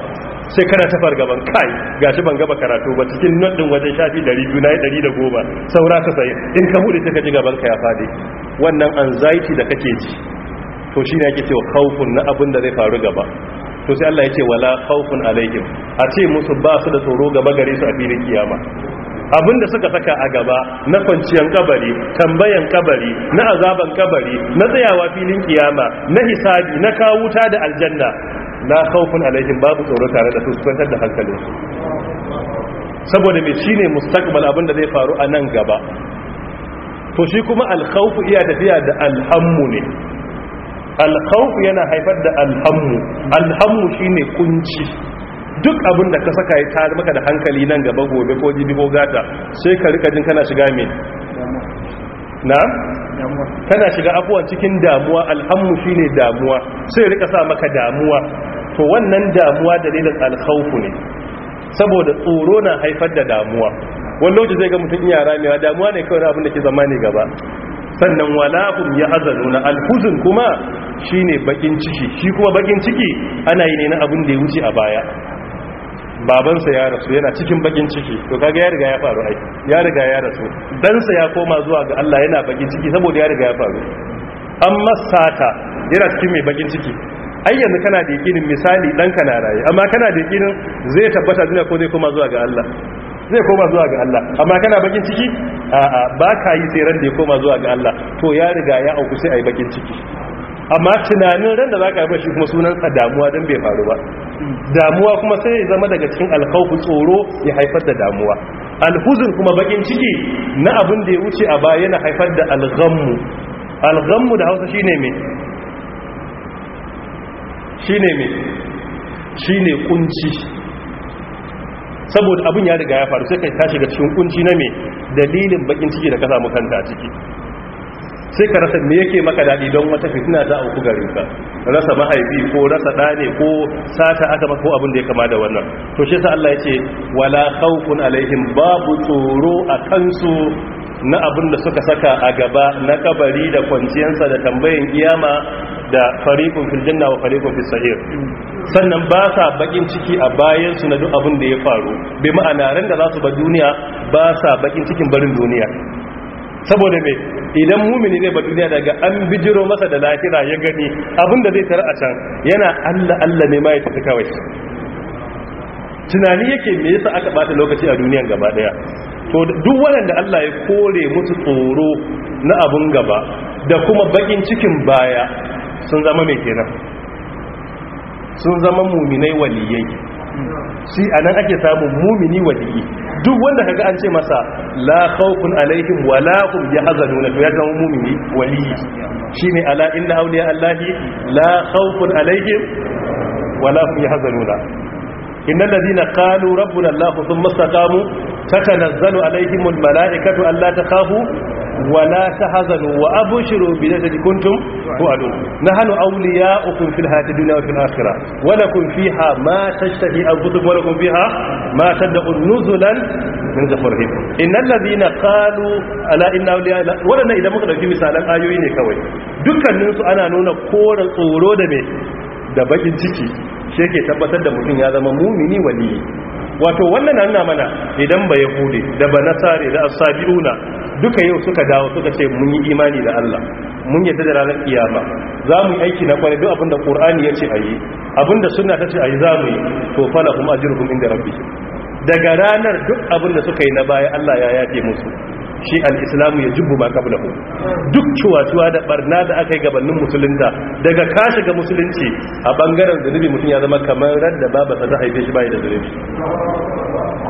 A: sai kana ta fargaban kai gashi ban gaba karatu ba cikin nan din wajen shafi 200 da 110 saura ka sai in ka bude ka ji gaban ka ya fadi wannan anxiety da kake ji to shine yake cewa khawfun na abin da zai faru gaba to sai Allah ya ce wala khawfun alaihim a ce musu ba su da tsoro gaba gare su a filin kiyama abinda suka saka a gaba na kwanciyar kabari tambayan kabari na azaban kabari na tsayawa filin kiyama na hisabi na kawuta da aljanna na khawfun alaikin babu tsoro tare da suskantar da hankalin. saboda mai shine mustakbal abinda zai faru a nan gaba to shi kuma alkhawfu iya tafiya da alhammu ne alkhawfu yana haifar da alhammu alhammu shine kunci duk abin da ka saka ya tare maka da hankali nan gaba gobe ko jibi ko gata sai ka rika jin kana shiga mai na kana shiga abuwa cikin damuwa alhammu shine damuwa sai rika sa maka damuwa to wannan damuwa dalilin alkhaufu ne saboda tsoro na haifar da damuwa wani ji zai ga mutum iya ramewa damuwa ne kawai abin da ke zama ne gaba sannan walahum ya hazanu na alhuzun kuma shine bakin ciki shi kuma bakin ciki ana yi ne na abin da ya wuce a baya babansa ya rasu yana cikin bakin ciki to kaga ya riga ya faru ai ya riga ya rasu dansa ya koma zuwa ga Allah yana bakin ciki saboda ya riga ya faru amma sata yana cikin mai bakin ciki ai yanzu kana da yakinin misali dan na raye amma kana da yakinin zai tabbata zina ko zai koma zuwa ga Allah zai koma zuwa ga Allah amma kana bakin ciki a'a ba ka yi tseren da ya koma zuwa ga Allah to ya riga ya auku sai ai bakin ciki amma tunanin ran da za ka haifa shi kuma sunansa damuwa don bai faru ba damuwa kuma sai ya zama daga cikin alkawku tsoro ya haifar da damuwa alhuzun kuma bakin ciki na abin da ya wuce a baya yana haifar da alghammu alghammu da hausa shine me shine me shine kunci saboda abin ya riga ya faru sai kai tashi ga cikin kunci na me dalilin bakin ciki da ka samu kanta ciki sai ka rasa me yake maka daɗi don wata fitina ta auku gare ka rasa mahaifi ko rasa ɗa ko sata aka ko abin da ya kama da wannan to shi sa Allah ya ce wala khawfun alaihim babu tsoro a kansu na abin da suka saka a gaba na kabari da kwanciyarsa da tambayin kiyama da fariqun fil janna wa fariqun fis sahir sannan ba sa bakin ciki a bayan su na duk abin da ya faru bi ma'ana ran da za su ba duniya ba sa bakin cikin barin duniya saboda me idan mumini ne ba duniya daga an bijiro masa da lahira ya gani abinda zai tara a can yana Allah Allah ne ma ya tafi kawai tunani yake me yasa aka bata lokaci a duniyan gaba daya to duk waɗanda Allah ya kore musu tsoro na abun gaba da kuma bakin cikin baya sun zama mai kenan sun zama muminai waliyai shi anan ake samun mumini waliyi duk wanda kaga an ce masa la khawfun alaihim wa la hum yahzanuna to ya zama mumini wali shine ala inna awliya allahi la khawfun alaihim wa la hum yahzanuna innal ladina qalu rabbuna allah thumma istaqamu tatanazzalu alaihim al malaikatu alla takhafu wala ta tahzanu wa abun shiru abshiru bil ladzi kuntum hannu nahnu awliya'ukum fil hayatid dunya wa fil akhirah wa lakum fiha ma tashtahi anfusukum wa lakum fiha ma tad'un nuzulan min ghafurihim innal ladina qalu ala inna awliya wadannan idan muka dauki misalan ayoyi ne kawai dukkanin su ana nuna koran tsoro da me da bakin ciki shi ke tabbatar da mutum ya zama mumini waliyi wato wannan na mana idan ba hude da ba nasare da asabi'una duka yau suka dawo suka ce mun yi imani da Allah mun yadda da ranar kiyama za mu yi aiki na kwarai duk abinda ƙorani ya ce a yi abinda suna ta ce a yi za mu yi to a jirgin inda rabbihim daga ranar duk abinda suka yi na baya Allah ya yafe musu shi al-islamu ya jubbu ma ku duk cuwa-cuwa da barna da aka yi gabanin musulunta daga kashe ga musulunci a bangaren zunubi mutum ya zama kamar radda baba ta haife shi bai da zunubi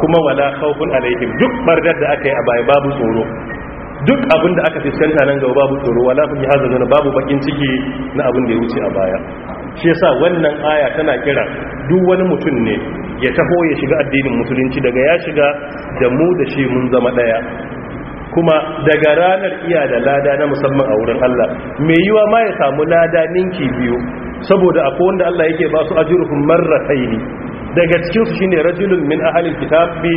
A: kuma wala khawfun alaihim duk barnar da aka yi a baya babu tsoro duk abin da aka fuskanta nan gaba babu tsoro wala kun yahzanuna babu bakin ciki na abin da ya wuce a baya shi yasa wannan aya tana kira duk wani mutum ne ya taho ya shiga addinin musulunci daga ya shiga da mu da shi mun zama daya kuma daga ranar iya da lada na musamman a wurin Allah mai yiwa ma ya samu lada ninki biyu saboda akwai wanda Allah yake ba su ajruhum marrataini daga cikin su shine rajulun min ahlil kitab bi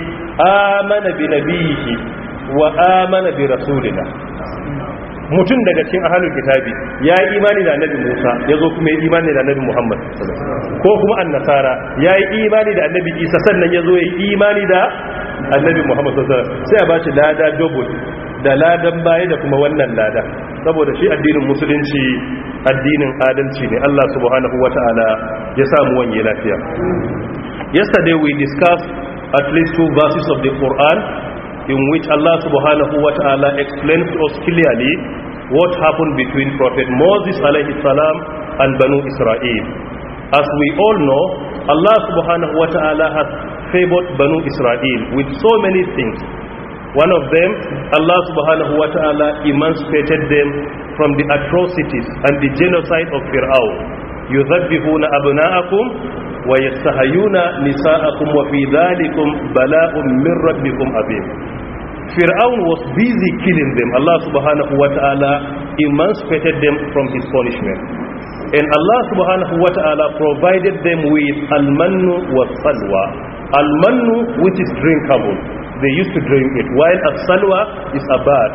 A: amana bi nabiyhi wa amana bi rasulina mutum daga cikin ahalul kitabi ya yi imani da annabi Musa ya zo kuma ya yi imani da annabi Muhammad ko kuma annasara ya yi imani da annabi Isa sannan ya zo ya yi imani da annabi Muhammad sallallahu sai a shi lada double da ladan baya da kuma wannan lada saboda shi addinin musulunci addinin adalci ne Allah subhanahu ta'ala ya samu wanye lafiya yesterday we discussed at least two verses of the Quran in which Allah subhanahu wa ta'ala explains to us clearly what happened between Prophet Moses alayhi salam and Banu Israel. As we all know, Allah subhanahu wa ta'ala has favored Banu Israel with so many things. One of them, Allah subhanahu wa ta'ala emancipated them from the atrocities and the genocide of Fir'aun. يُذَبِّهُونَ أَبْنَاءَكُمْ wa nisa nisa'akum wa fi dhalikum bala'un min rabbikum abim Fir'aun was busy killing them. Allah subhanahu wa ta'ala emancipated them from his punishment. And Allah subhanahu wa ta'ala provided them with almanu wa salwa. Almanu which is drinkable. They used to drink it. While as-salwa is a bat,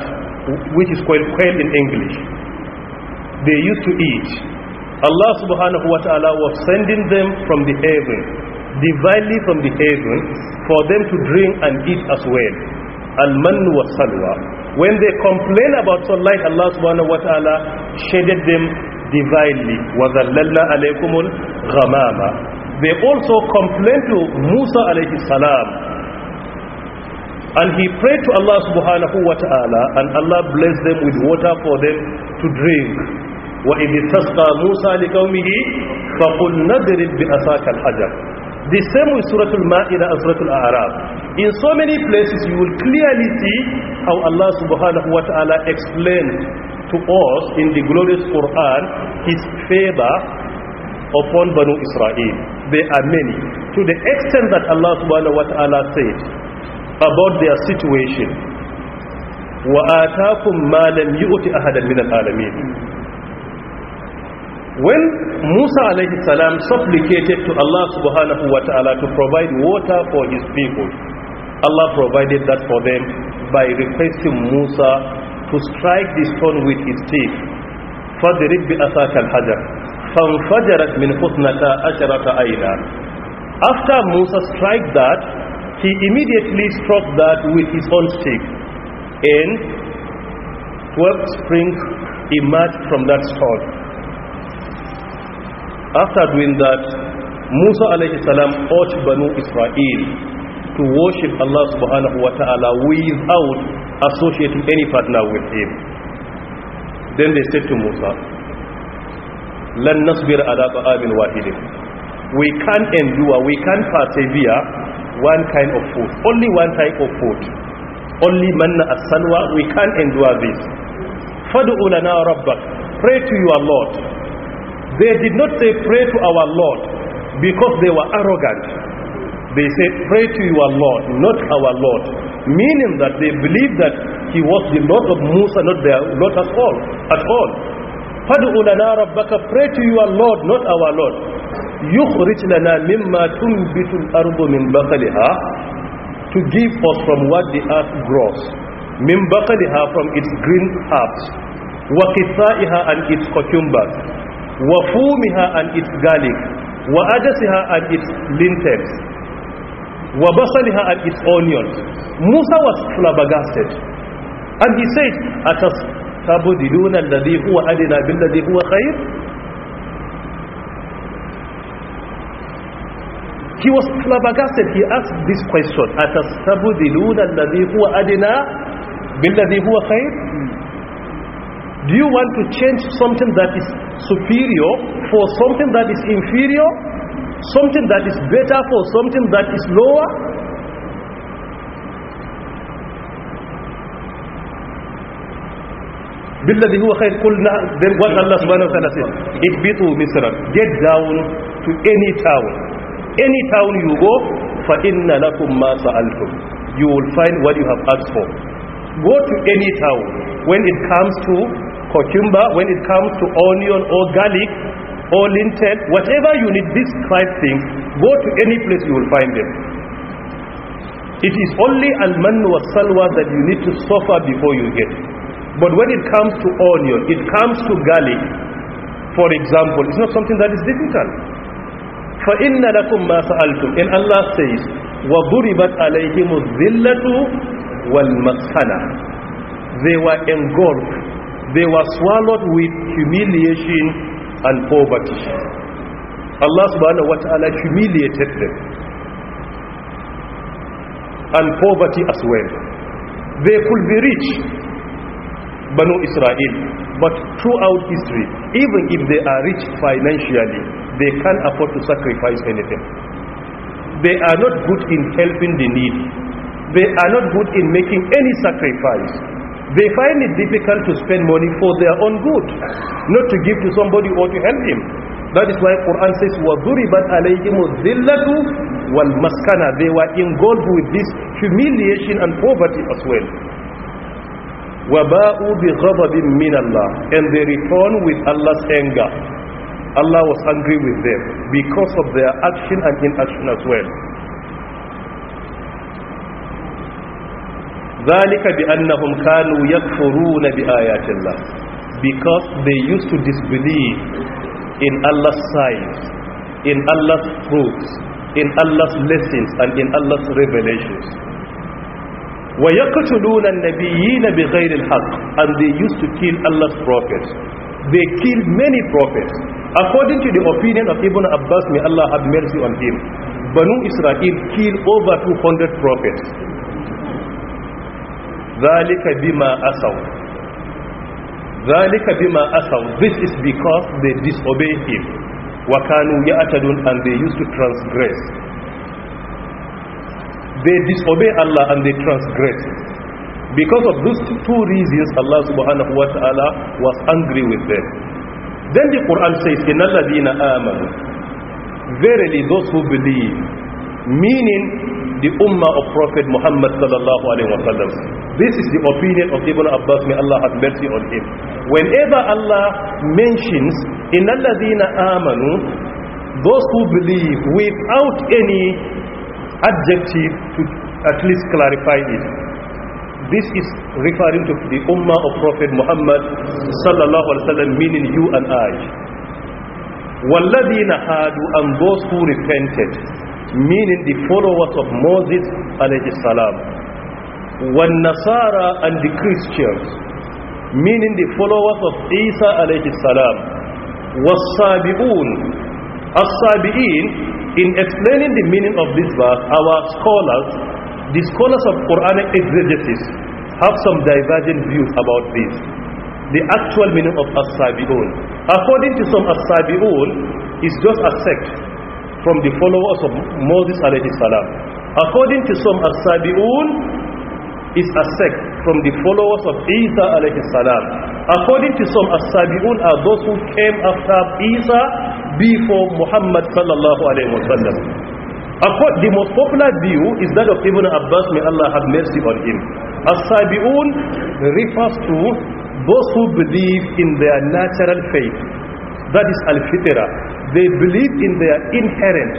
A: which is called quail in English. They used to eat Allah subhanahu wa ta'ala was sending them from the heaven, divinely from the heaven, for them to drink and eat as well. Al-Mannu wa Salwa. When they complain about sunlight, Allah subhanahu wa ta'ala shaded them divinely. وَذَلَّلَّ عَلَيْكُمُ ghamama'. They also complained to Musa alayhi salam and he prayed to Allah subhanahu wa ta'ala and Allah blessed them with water for them to drink wa ibistasqa musa liqaumihi fa qul nadrib bi asaka al-hajar the same with surah al-ma'idah and surah al-a'raf in so many places you will clearly see how allah subhanahu wa ta'ala explained to us in the glorious quran his favor upon banu israel they are many to the extent that allah subhanahu wa ta'ala said about their situation وآتاكم ما لم يؤت أحدا من العالمين when Musa alayhi salam supplicated to Allah subhanahu wa ta'ala to provide water for his people, Allah provided that for them by requesting Musa to strike the stone with his teeth. فَضْرِبْ بِأَثَاكَ الْحَجَرِ فَانْفَجَرَتْ مِنْ حُثْنَةَ أَشَرَةَ أَيْنَا After Musa strike that, he immediately struck that with his own stick and 12 springs emerged from that stone. after doing that musa alayhi salam urged banu israel to worship allah subhanahu wa ta'ala without associating any partner with him then they said to musa lan nasbir ala ta'amin wahidin we can't endure we can't persevere one kind of food only one type of food only manna as-salwa we can't endure this fad'u lana rabbak pray to your lord They did not say pray to our Lord because they were arrogant. They said pray to your Lord, not our Lord. Meaning that they believed that he was the Lord of Musa, not their Lord at all. At all. فَدْعُ لَنَا رَبَّكَ Pray to your Lord, not our Lord. يُخْرِجْ لَنَا مِمَّا تُنْبِتُ الْأَرْضُ مِنْ بَقَلِهَا To give us from what the earth grows. مِنْ بَقَلِهَا From its green herbs. وَقِثَائِهَا And its cucumbers. wa fumiha and its garlic wa ajasiha and its lintels wa basaliha and its onions Musa was flabbergasted and he said atastabdiluna alladhi huwa adna billadhi huwa khair He was flabbergasted. He asked this question. أَتَسْتَبُدِلُونَ الَّذِي هُوَ أَدِنَا بِالَّذِي huwa khair Do you want to change something that is superior for something that is inferior? Something that is better for something that is lower? بالذي هو خير قلنا then what Allah subhanahu wa ta'ala says اهبطوا مصرا get down to any town any town you go فإن لكم ما سألتم you will find what you have asked for go to any town when it comes to cucumber, when it comes to onion or garlic or lintel, whatever you need, these five things, go to any place you will find them. It is only al-man wa salwa that you need to suffer before you get. But when it comes to onion, it comes to garlic, for example, it's not something that is difficult. فَإِنَّ لَكُمْ مَا سَأَلْتُمْ And Allah says, وَضُرِبَتْ عَلَيْهِمُ الذِّلَّةُ وَالْمَسْحَنَةُ They were engulfed they were swallowed with humiliation and poverty. Allah subhanahu wa ta'ala humiliated them and poverty as well. They could be rich, Banu Israel, but throughout history, even if they are rich financially, they can't afford to sacrifice anything. They are not good in helping the needy. They are not good in making any sacrifice They find it difficult to spend money for their own good, not to give to somebody or to help him. That is why Quran says, وَضُرِبَتْ عَلَيْهِمُ الذِّلَّةُ وَالْمَسْكَنَةُ They were engulfed with this humiliation and poverty as well. وَبَاءُوا بِغَضَبٍ مِّنَ اللَّهِ And they return with Allah's anger. Allah was angry with them because of their action and inaction as well. zalika bi annahum kanu yakfuruna bi because they used to disbelieve in Allah's signs in Allah's fruits in Allah's lessons and in Allah's revelations wa yaqtuluna an-nabiyina and they used to kill Allah's prophets they killed many prophets according to the opinion of Ibn Abbas may Allah have mercy on him Banu Israel killed over 200 prophets zalika bima asaw zalika bima asaw this is because they disobey him wa kanu ya'tadun and they used to transgress they disobey Allah and they transgress because of those two reasons Allah subhanahu wa ta'ala was angry with them then the Quran says innal ladina amanu verily those who believe meaning the ummah of Prophet Muhammad sallallahu alaihi wasallam. This is the opinion of Ibn Abbas, may Allah have mercy on him. Whenever Allah mentions, in alladhina amanu, those who believe without any adjective to at least clarify it. This is referring to the ummah of Prophet Muhammad sallallahu alaihi wasallam, meaning you and I. Walladina hadu and those who repented meaning the followers of Moses alayhi salam when Nasara and the Christians meaning the followers of Isa alayhi salam was Sabi'un As-Sabi'in in explaining the meaning of this verse our scholars the scholars of Quranic exegesis have some divergent views about this the actual meaning of As-Sabi'un according to some As-Sabi'un is just a sect from the followers of Moses alayhi salam. According to some, As-Sabi'un is a sect from the followers of Isa alayhi salam. According to some, As-Sabi'un are those who came after Isa before Muhammad sallallahu alayhi wa sallam. The most popular view is that of Ibn Abbas, may Allah have mercy on him. As-Sabi'un refers to those who believe in their natural faith That is al-fitra. They believe in their inherent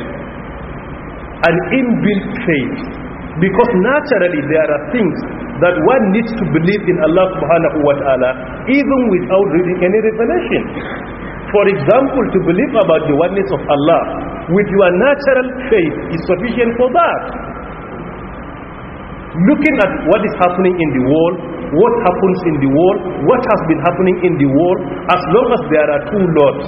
A: and inbuilt faith. Because naturally there are things that one needs to believe in Allah subhanahu wa ta'ala even without reading any revelation. For example, to believe about the oneness of Allah with your natural faith is sufficient for that. Looking at what is happening in the world, what happens in the world, what has been happening in the world, as long as there are two lords,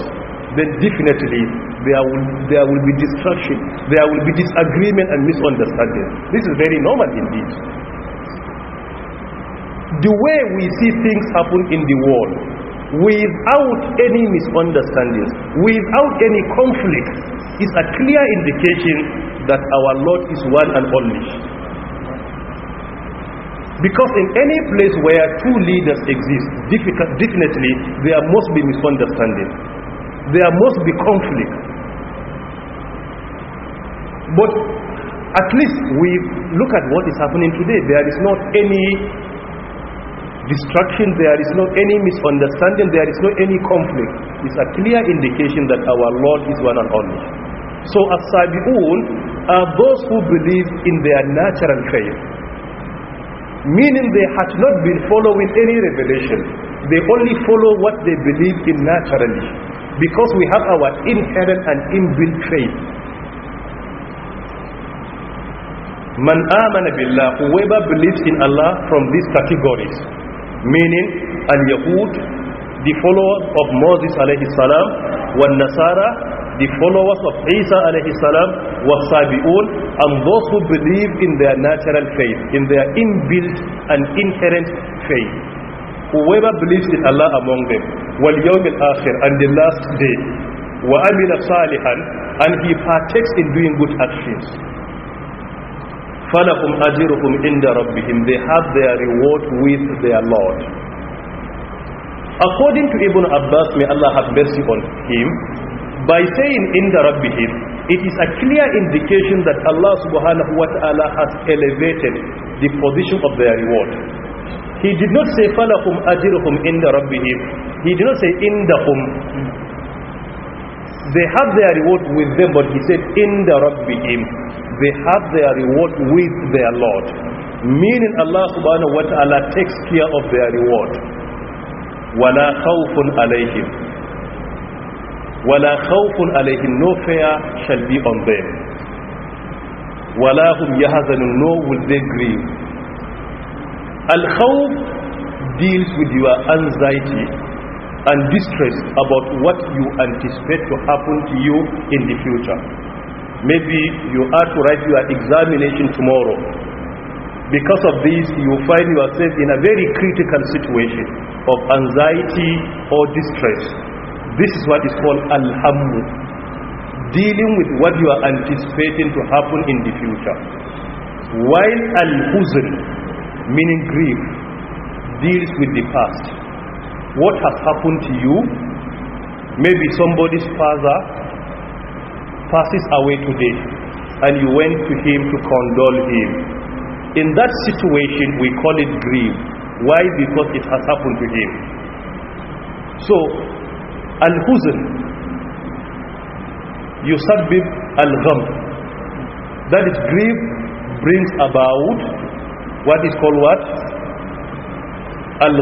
A: then definitely there will, there will be destruction, there will be disagreement and misunderstanding. This is very normal indeed. The way we see things happen in the world, without any misunderstandings, without any conflicts, is a clear indication that our Lord is one and only. Because in any place where two leaders exist, definitely there must be misunderstanding. There must be conflict. But at least we look at what is happening today. There is not any destruction. there is not any misunderstanding, there is not any conflict. It's a clear indication that our Lord is one and only. So, as Sabi'un are those who believe in their natural faith meaning they had not been following any revelation. They only follow what they believe in naturally because we have our inherent and inbuilt faith. Man amana billah, whoever believes in Allah from these categories, meaning al-Yahud, the followers of Moses alayhi salam, wal-Nasara, the followers of Isa alayhi salam were Sabi'un and those who believe in their natural faith, in their inbuilt and inherent faith. Whoever believes in Allah among them, وَالْيَوْمِ الْآخِرِ and the last day, وَأَمِنَ صَالِحًا and he partakes in doing good actions. فَلَكُمْ أَجِرُهُمْ إِنْدَ رَبِّهِمْ They have their reward with their Lord. According to Ibn Abbas, may Allah have mercy on him, by saying in the rabbihim it is a clear indication that Allah subhanahu wa ta'ala has elevated the position of their reward he did not say falakum ajruhum in the rabbihim he did not say in the hum they have their reward with them but he said in the rabbihim they have their reward with their lord meaning Allah subhanahu wa ta'ala takes care of their reward wala khawfun alayhim wala khawfun alaihim no fear shall be on them wala hum yahzanun no will they grieve al khawf deals with your anxiety and distress about what you anticipate to happen to you in the future maybe you are to write your examination tomorrow because of this you find yourself in a very critical situation of anxiety or distress This is what is called Alhammu. Dealing with what you are anticipating to happen in the future. While Al-Huzn, meaning grief, deals with the past. What has happened to you, maybe somebody's father passes away today and you went to him to condole him. In that situation, we call it grief. Why? Because it has happened to him. So Al-huzn yusabbib That is grief brings about what is called what? al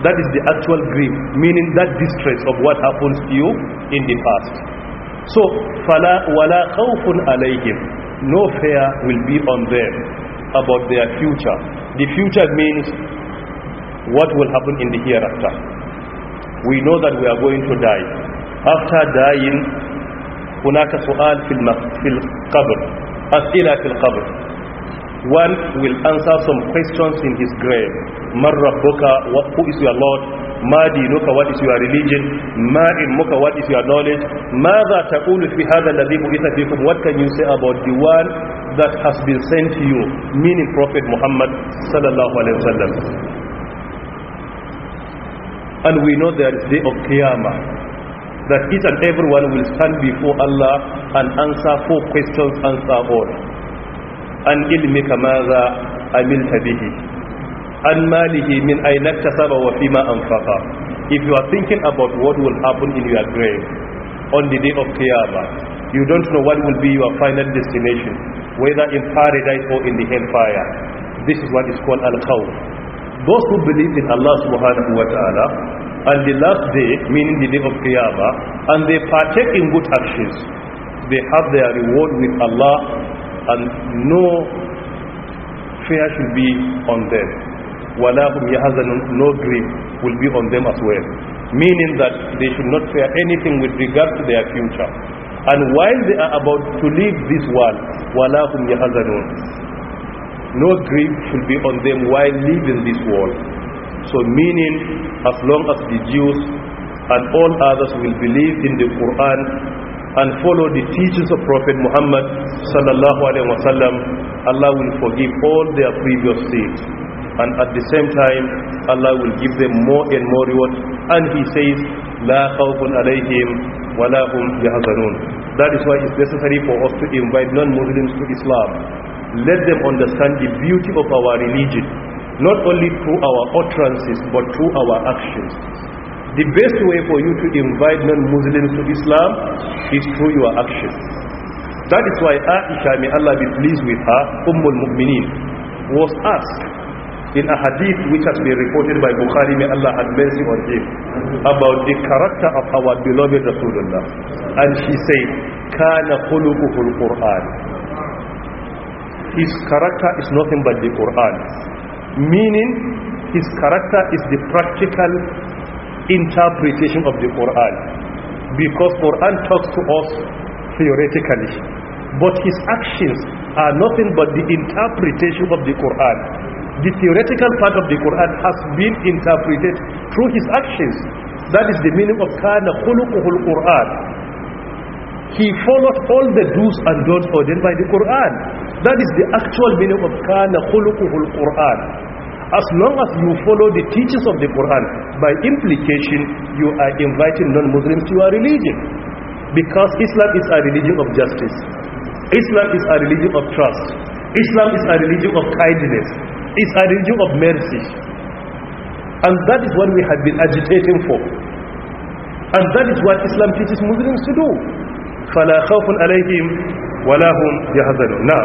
A: That is the actual grief, meaning that distress of what happens to you in the past. So, fala wala khawfun alayhim. No fear will be on them about their future. The future means what will happen in the hereafter we know that we are going to die after dying hunaka su'al fil fil qabr as'ila fil one will answer some questions in his grave man rabbuka what who is your lord ma dinuka what is your religion ma ilmuka what is your knowledge ماذا تقول في هذا الذي بعث فيكم what can you say about the one that has been sent to you meaning prophet muhammad sallallahu alaihi wasallam and we know that day of Qiyamah that each and everyone will stand before Allah and answer four questions answer all an ilmika maza amilta bihi an malihi min aina kasaba wa fima anfaqa if you are thinking about what will happen in your grave on the day of qiyamah you don't know what will be your final destination whether in paradise or in the hellfire this is what is called al-khawf Those who believe in Allah subhanahu wa ta'ala and the last day, meaning the day of Qiyamah, and they partake in good actions, they have their reward with Allah and no fear should be on them. وَلَهُمْ يَحَزَنُونَ No grief will be on them as well. Meaning that they should not fear anything with regard to their future. And while they are about to leave this world, وَلَهُمْ يَحَزَنُونَ no grief should be on them while living this world. So meaning, as long as the Jews and all others will believe in the Quran and follow the teachings of Prophet Muhammad sallallahu alaihi wasallam, Allah will forgive all their previous sins. And at the same time, Allah will give them more and more reward. And He says, لا خوف عليهم la هم yahzanun. That is why it's necessary for us to invite non-Muslims to Islam let them understand the beauty of our religion, not only through our utterances, but through our actions. The best way for you to invite non-Muslims to Islam is through your actions. That is why Aisha, may Allah be pleased with her, Ummul Mu'mineen, was asked in a hadith which has been reported by Bukhari, may Allah have mercy on him, about the character of our beloved Rasulullah. And she said, كَانَ خُلُقُهُ الْقُرْآنِ his character is nothing but the Quran. Meaning, his character is the practical interpretation of the Quran. Because Quran talks to us theoretically. But his actions are nothing but the interpretation of the Quran. The theoretical part of the Quran has been interpreted through his actions. That is the meaning of kana khuluquhul Quran. He followed all the do's and don'ts ordained by the Quran. That is the actual meaning of kana khuluquhul Quran. As long as you follow the teachings of the Quran, by implication, you are inviting non-Muslims to your religion. Because Islam is a religion of justice. Islam is a religion of trust. Islam is a religion of kindness. It's a religion of mercy. And that is what we have been agitating for. And that is what Islam teaches Muslims to do. فَلَا خَوْفٌ عَلَيْهِمْ وَلَا هُمْ يَحْزَنُونَ Now,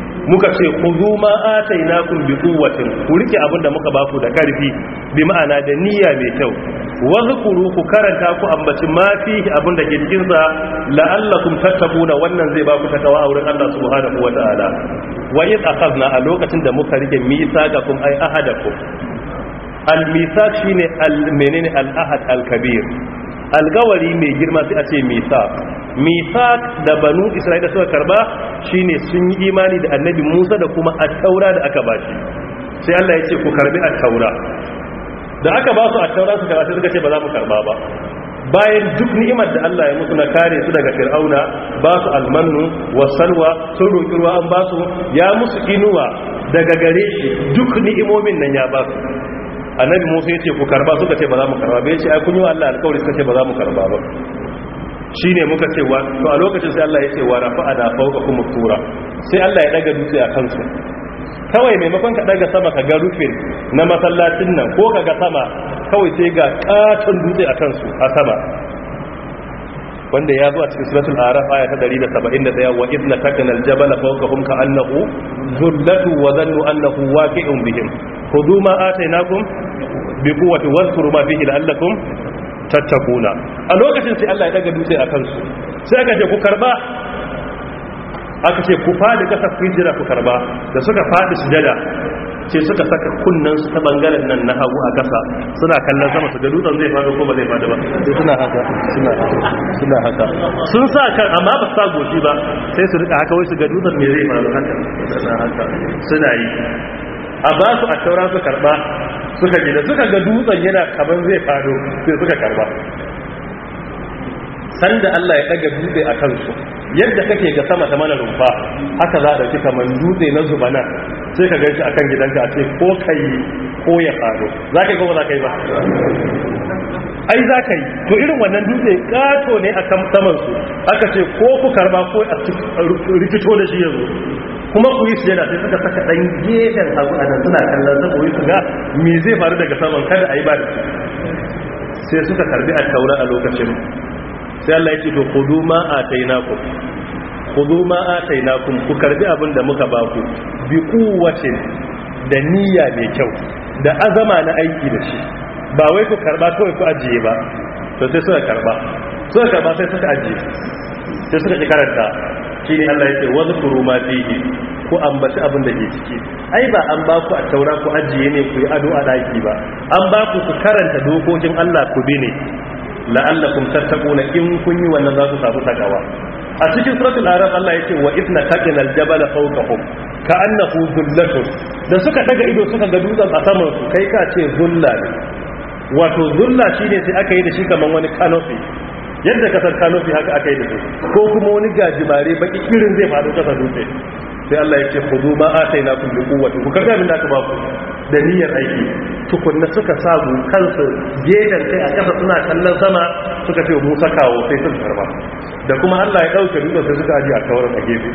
A: muka ce khudhu ma atainakum bi quwwatin ku rike abinda muka baku da karfi bi ma'ana da niyya mai kyau wa ku karanta ku ambaci ma fi abinda ke cikin sa la'allakum tattaquna wannan zai baku takawa a wurin Allah subhanahu wa ta'ala wa id akhadna a lokacin da muka rike misaqakum ay ahadakum al misaq shine al menene al ahad al kabir Alƙawari mai girma sai a ce mithaq mithaq da banu isra'ila suka karba shine sun yi imani da annabi Musa da kuma at-taura da aka ba shi sai Allah ya ce ku karbi at-taura da aka ba su at-taura su karba sai suka ce ba za mu karba ba bayan duk ni'imar da Allah ya musu na kare su daga fir'auna ba su almanu wa salwa sun roƙi ruwa an ba su ya musu inuwa daga gare shi duk ni'imomin nan ya ba su annabi musa ya ce ku karba suka ce ba za mu karba bai ce ai kun yi allah alkawari suka ce ba za mu karba ba shi ne muka ce wa to a lokacin sai allah ya ce wa rafa ana fauka kuma tura sai allah ya daga dutse a kansu kawai maimakon ka daga sama ka ga rufin na masallacin nan ko ka ga sama kawai sai ga katon dutse a kansu a sama wanda ya zo a cikin suratul araf aya ta 171 wa idna takana aljabala fawqahum ka annahu dhullatu wa dhannu annahu waqi'un bihim hudu ma atainakum bi quwwati wazkuru ma fihi la'allakum tattaquna a lokacin sai Allah ya daga dutse a kansu sai aka ce ku karba aka ce ku fadi kasa fijira ku karba da suka fadi sujada ce suka saka kunnan su ta bangaren nan na hagu a kasa suna kallon sama su ga dutsen zai fado ko ba zai fado ba sai suna haka suna suna haka sun sa kan amma ba sa goshi ba sai su rika haka wai su ga dutsen me zai fado haka suna haka suna yi a ba su a taura su karba suka gida suka ga dutsen yana kaman zai fado sai suka karba sanda Allah ya daga dutse a kansu yadda kake ga sama ta mana rumfa haka za a kika man dutse na zubana sai ka ganshi akan gidanka a ce ko kai ko ya fado za ka yi ba za ka yi ba ai za ka yi to irin wannan dutse kato ne a samansu aka ce ko ku karba ko a rikito da shi yanzu kuma ku yi sujada sai suka saka dan gefen hagu a nan suna kallon koyi su ga me zai faru daga saman kada a yi ba sai suka karbi a taura a lokacin sai Allah ya ce to kudu ma Ku kudu ma atainakum ku karbi abin da muka ba ku bi kuwatin da niyya mai kyau da azama na aiki da shi ba wai ku karba kawai ku ajiye ba to sai suka karba suka karba sai suka ajiye sai suka ji karanta shi ne Allah ya ce wani kuru ma fiye ku ambaci abin da ke ciki ai ba an ba ku a taura ku ajiye ne ku yi ado a ɗaki ba an ba ku ku karanta dokokin Allah ku bi ne la'allakum tattaquna in kun yi wannan za ku samu sakawa a cikin suratul araf Allah ya ce wa idna taqina al-jabala fawqahum ka'annahu dhullatu da suka daga ido suka ga dutsen a saman su kai ka ce zulla ne wato zulla shine sai aka yi da shi kaman wani canopy yadda kasar fi haka aka yi da su ko kuma wani gajimare baki irin zai faɗo kasar dutse sai Allah ya ce ku zo a atai na kullu quwwati ku karga min naka ba ku da niyyar aiki tukunna suka samu kansu gedan kai a kasa suna kallon sama suka ce Musa kawo sai sun karba da kuma Allah ya dauke dutsen sai suka aje a kawarin a gefe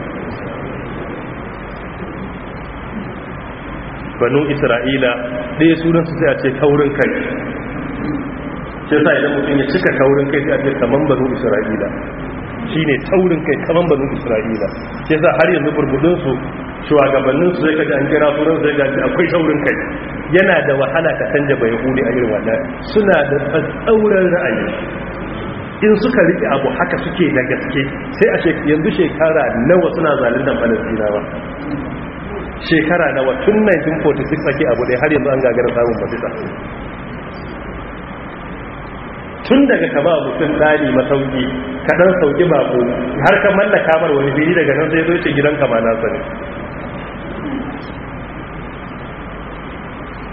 A: banu isra'ila ɗaya sunansu sai a ce kaurin kai sai sa idan mutum ya cika taurin kai sai a ce kaman banu isra'ila shine taurin kai kaman banu isra'ila sai sa har yanzu burbudin su shugabannin su zai kaji an kira sunan zai gaji akwai taurin kai yana da wahala ka canja bai huli a irin wannan suna da tsauran ra'ayi in suka riƙe abu haka suke na gaske sai a yanzu shekara nawa suna zaluntar ba shekara nawa tun 1946 ake abu dai har yanzu an gagara samun mafita tun daga ka ba mutum tsari masauki ka dan sauki bako har ka mallaka mar wani fili daga nan sai zai ce gidanka ma nasa ne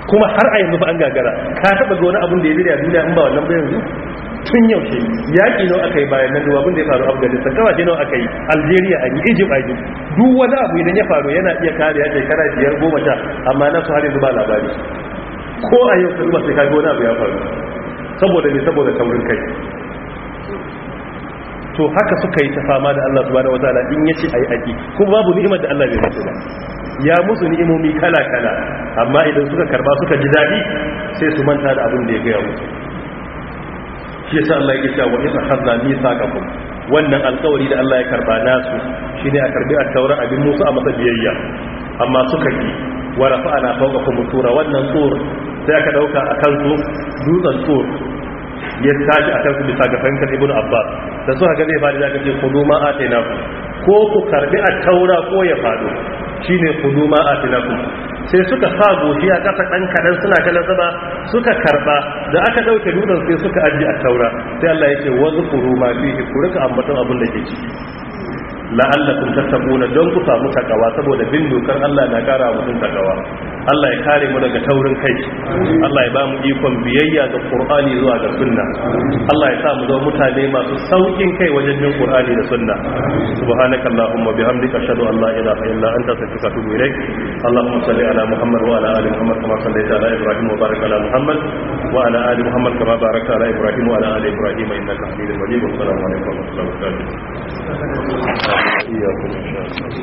A: kuma har a yanzu ba an gagara ka taba ga wani abin da ya zira a duniya in ba wannan ba yanzu tun yaushe yaƙi nawa aka yi bayan nan duwa abin da ya faru afghanistan kawai nawa aka yi algeria a yi egypt a yi duk wani abu idan ya faru yana iya kare ya shekara biyar goma sha amma na su har yanzu ba labari ko a yau ka sai ka ga wani abu ya faru saboda ne saboda taurin kai to haka suka yi ta fama da Allah subhanahu wataala in yace ayi aki kuma babu ni'imar da Allah bai musu ba ya musu ni'imomi kala kala amma idan suka karba suka ji dadi sai su manta da abin da ya gaya musu shi yasa Allah yake cewa in akhadna mithaqakum wannan alƙawari da Allah ya karba nasu shine a karbi at abin Musa a masa biyayya amma suka ki wa rafa'ana fawqakum tura wannan tur sai aka dauka akan su dutsen tur ya tashi akan su bisa ga fahimtar ibn abbas da suka haka zai fadi zaka ce kudu atina ku ko ku karbi a taura ko ya fado shine kudu atina ku sai suka sa goshi a kasa dan kadan suna kallon sama suka karba da aka dauke dutsen sai suka ajiye a taura sai Allah ya ce wa zkuru ma fihi ku ambatan abun abin da ke ciki la'allakum tattabuna don ku samu takawa saboda bin dokar Allah na kara mutum takawa Allah ya kare mu daga taurin kai Allah ya ba mu ikon biyayya ga Qur'ani zuwa ga sunna Allah ya sa mu zo mutane masu saukin kai wajen bin Qur'ani da sunna subhanaka allahumma bihamdika ashhadu an la ilaha illa anta astaghfiruka wa atubu ilaik allahumma salli ala muhammad wa ala ali muhammad kama sallaita ala ibrahim wa Baraka ala muhammad wa ala ali muhammad kama barakta ala ibrahim wa ala ali ibrahim innaka hamidum majid wa assalamu alaikum wa rahmatullahi wa barakatuh See you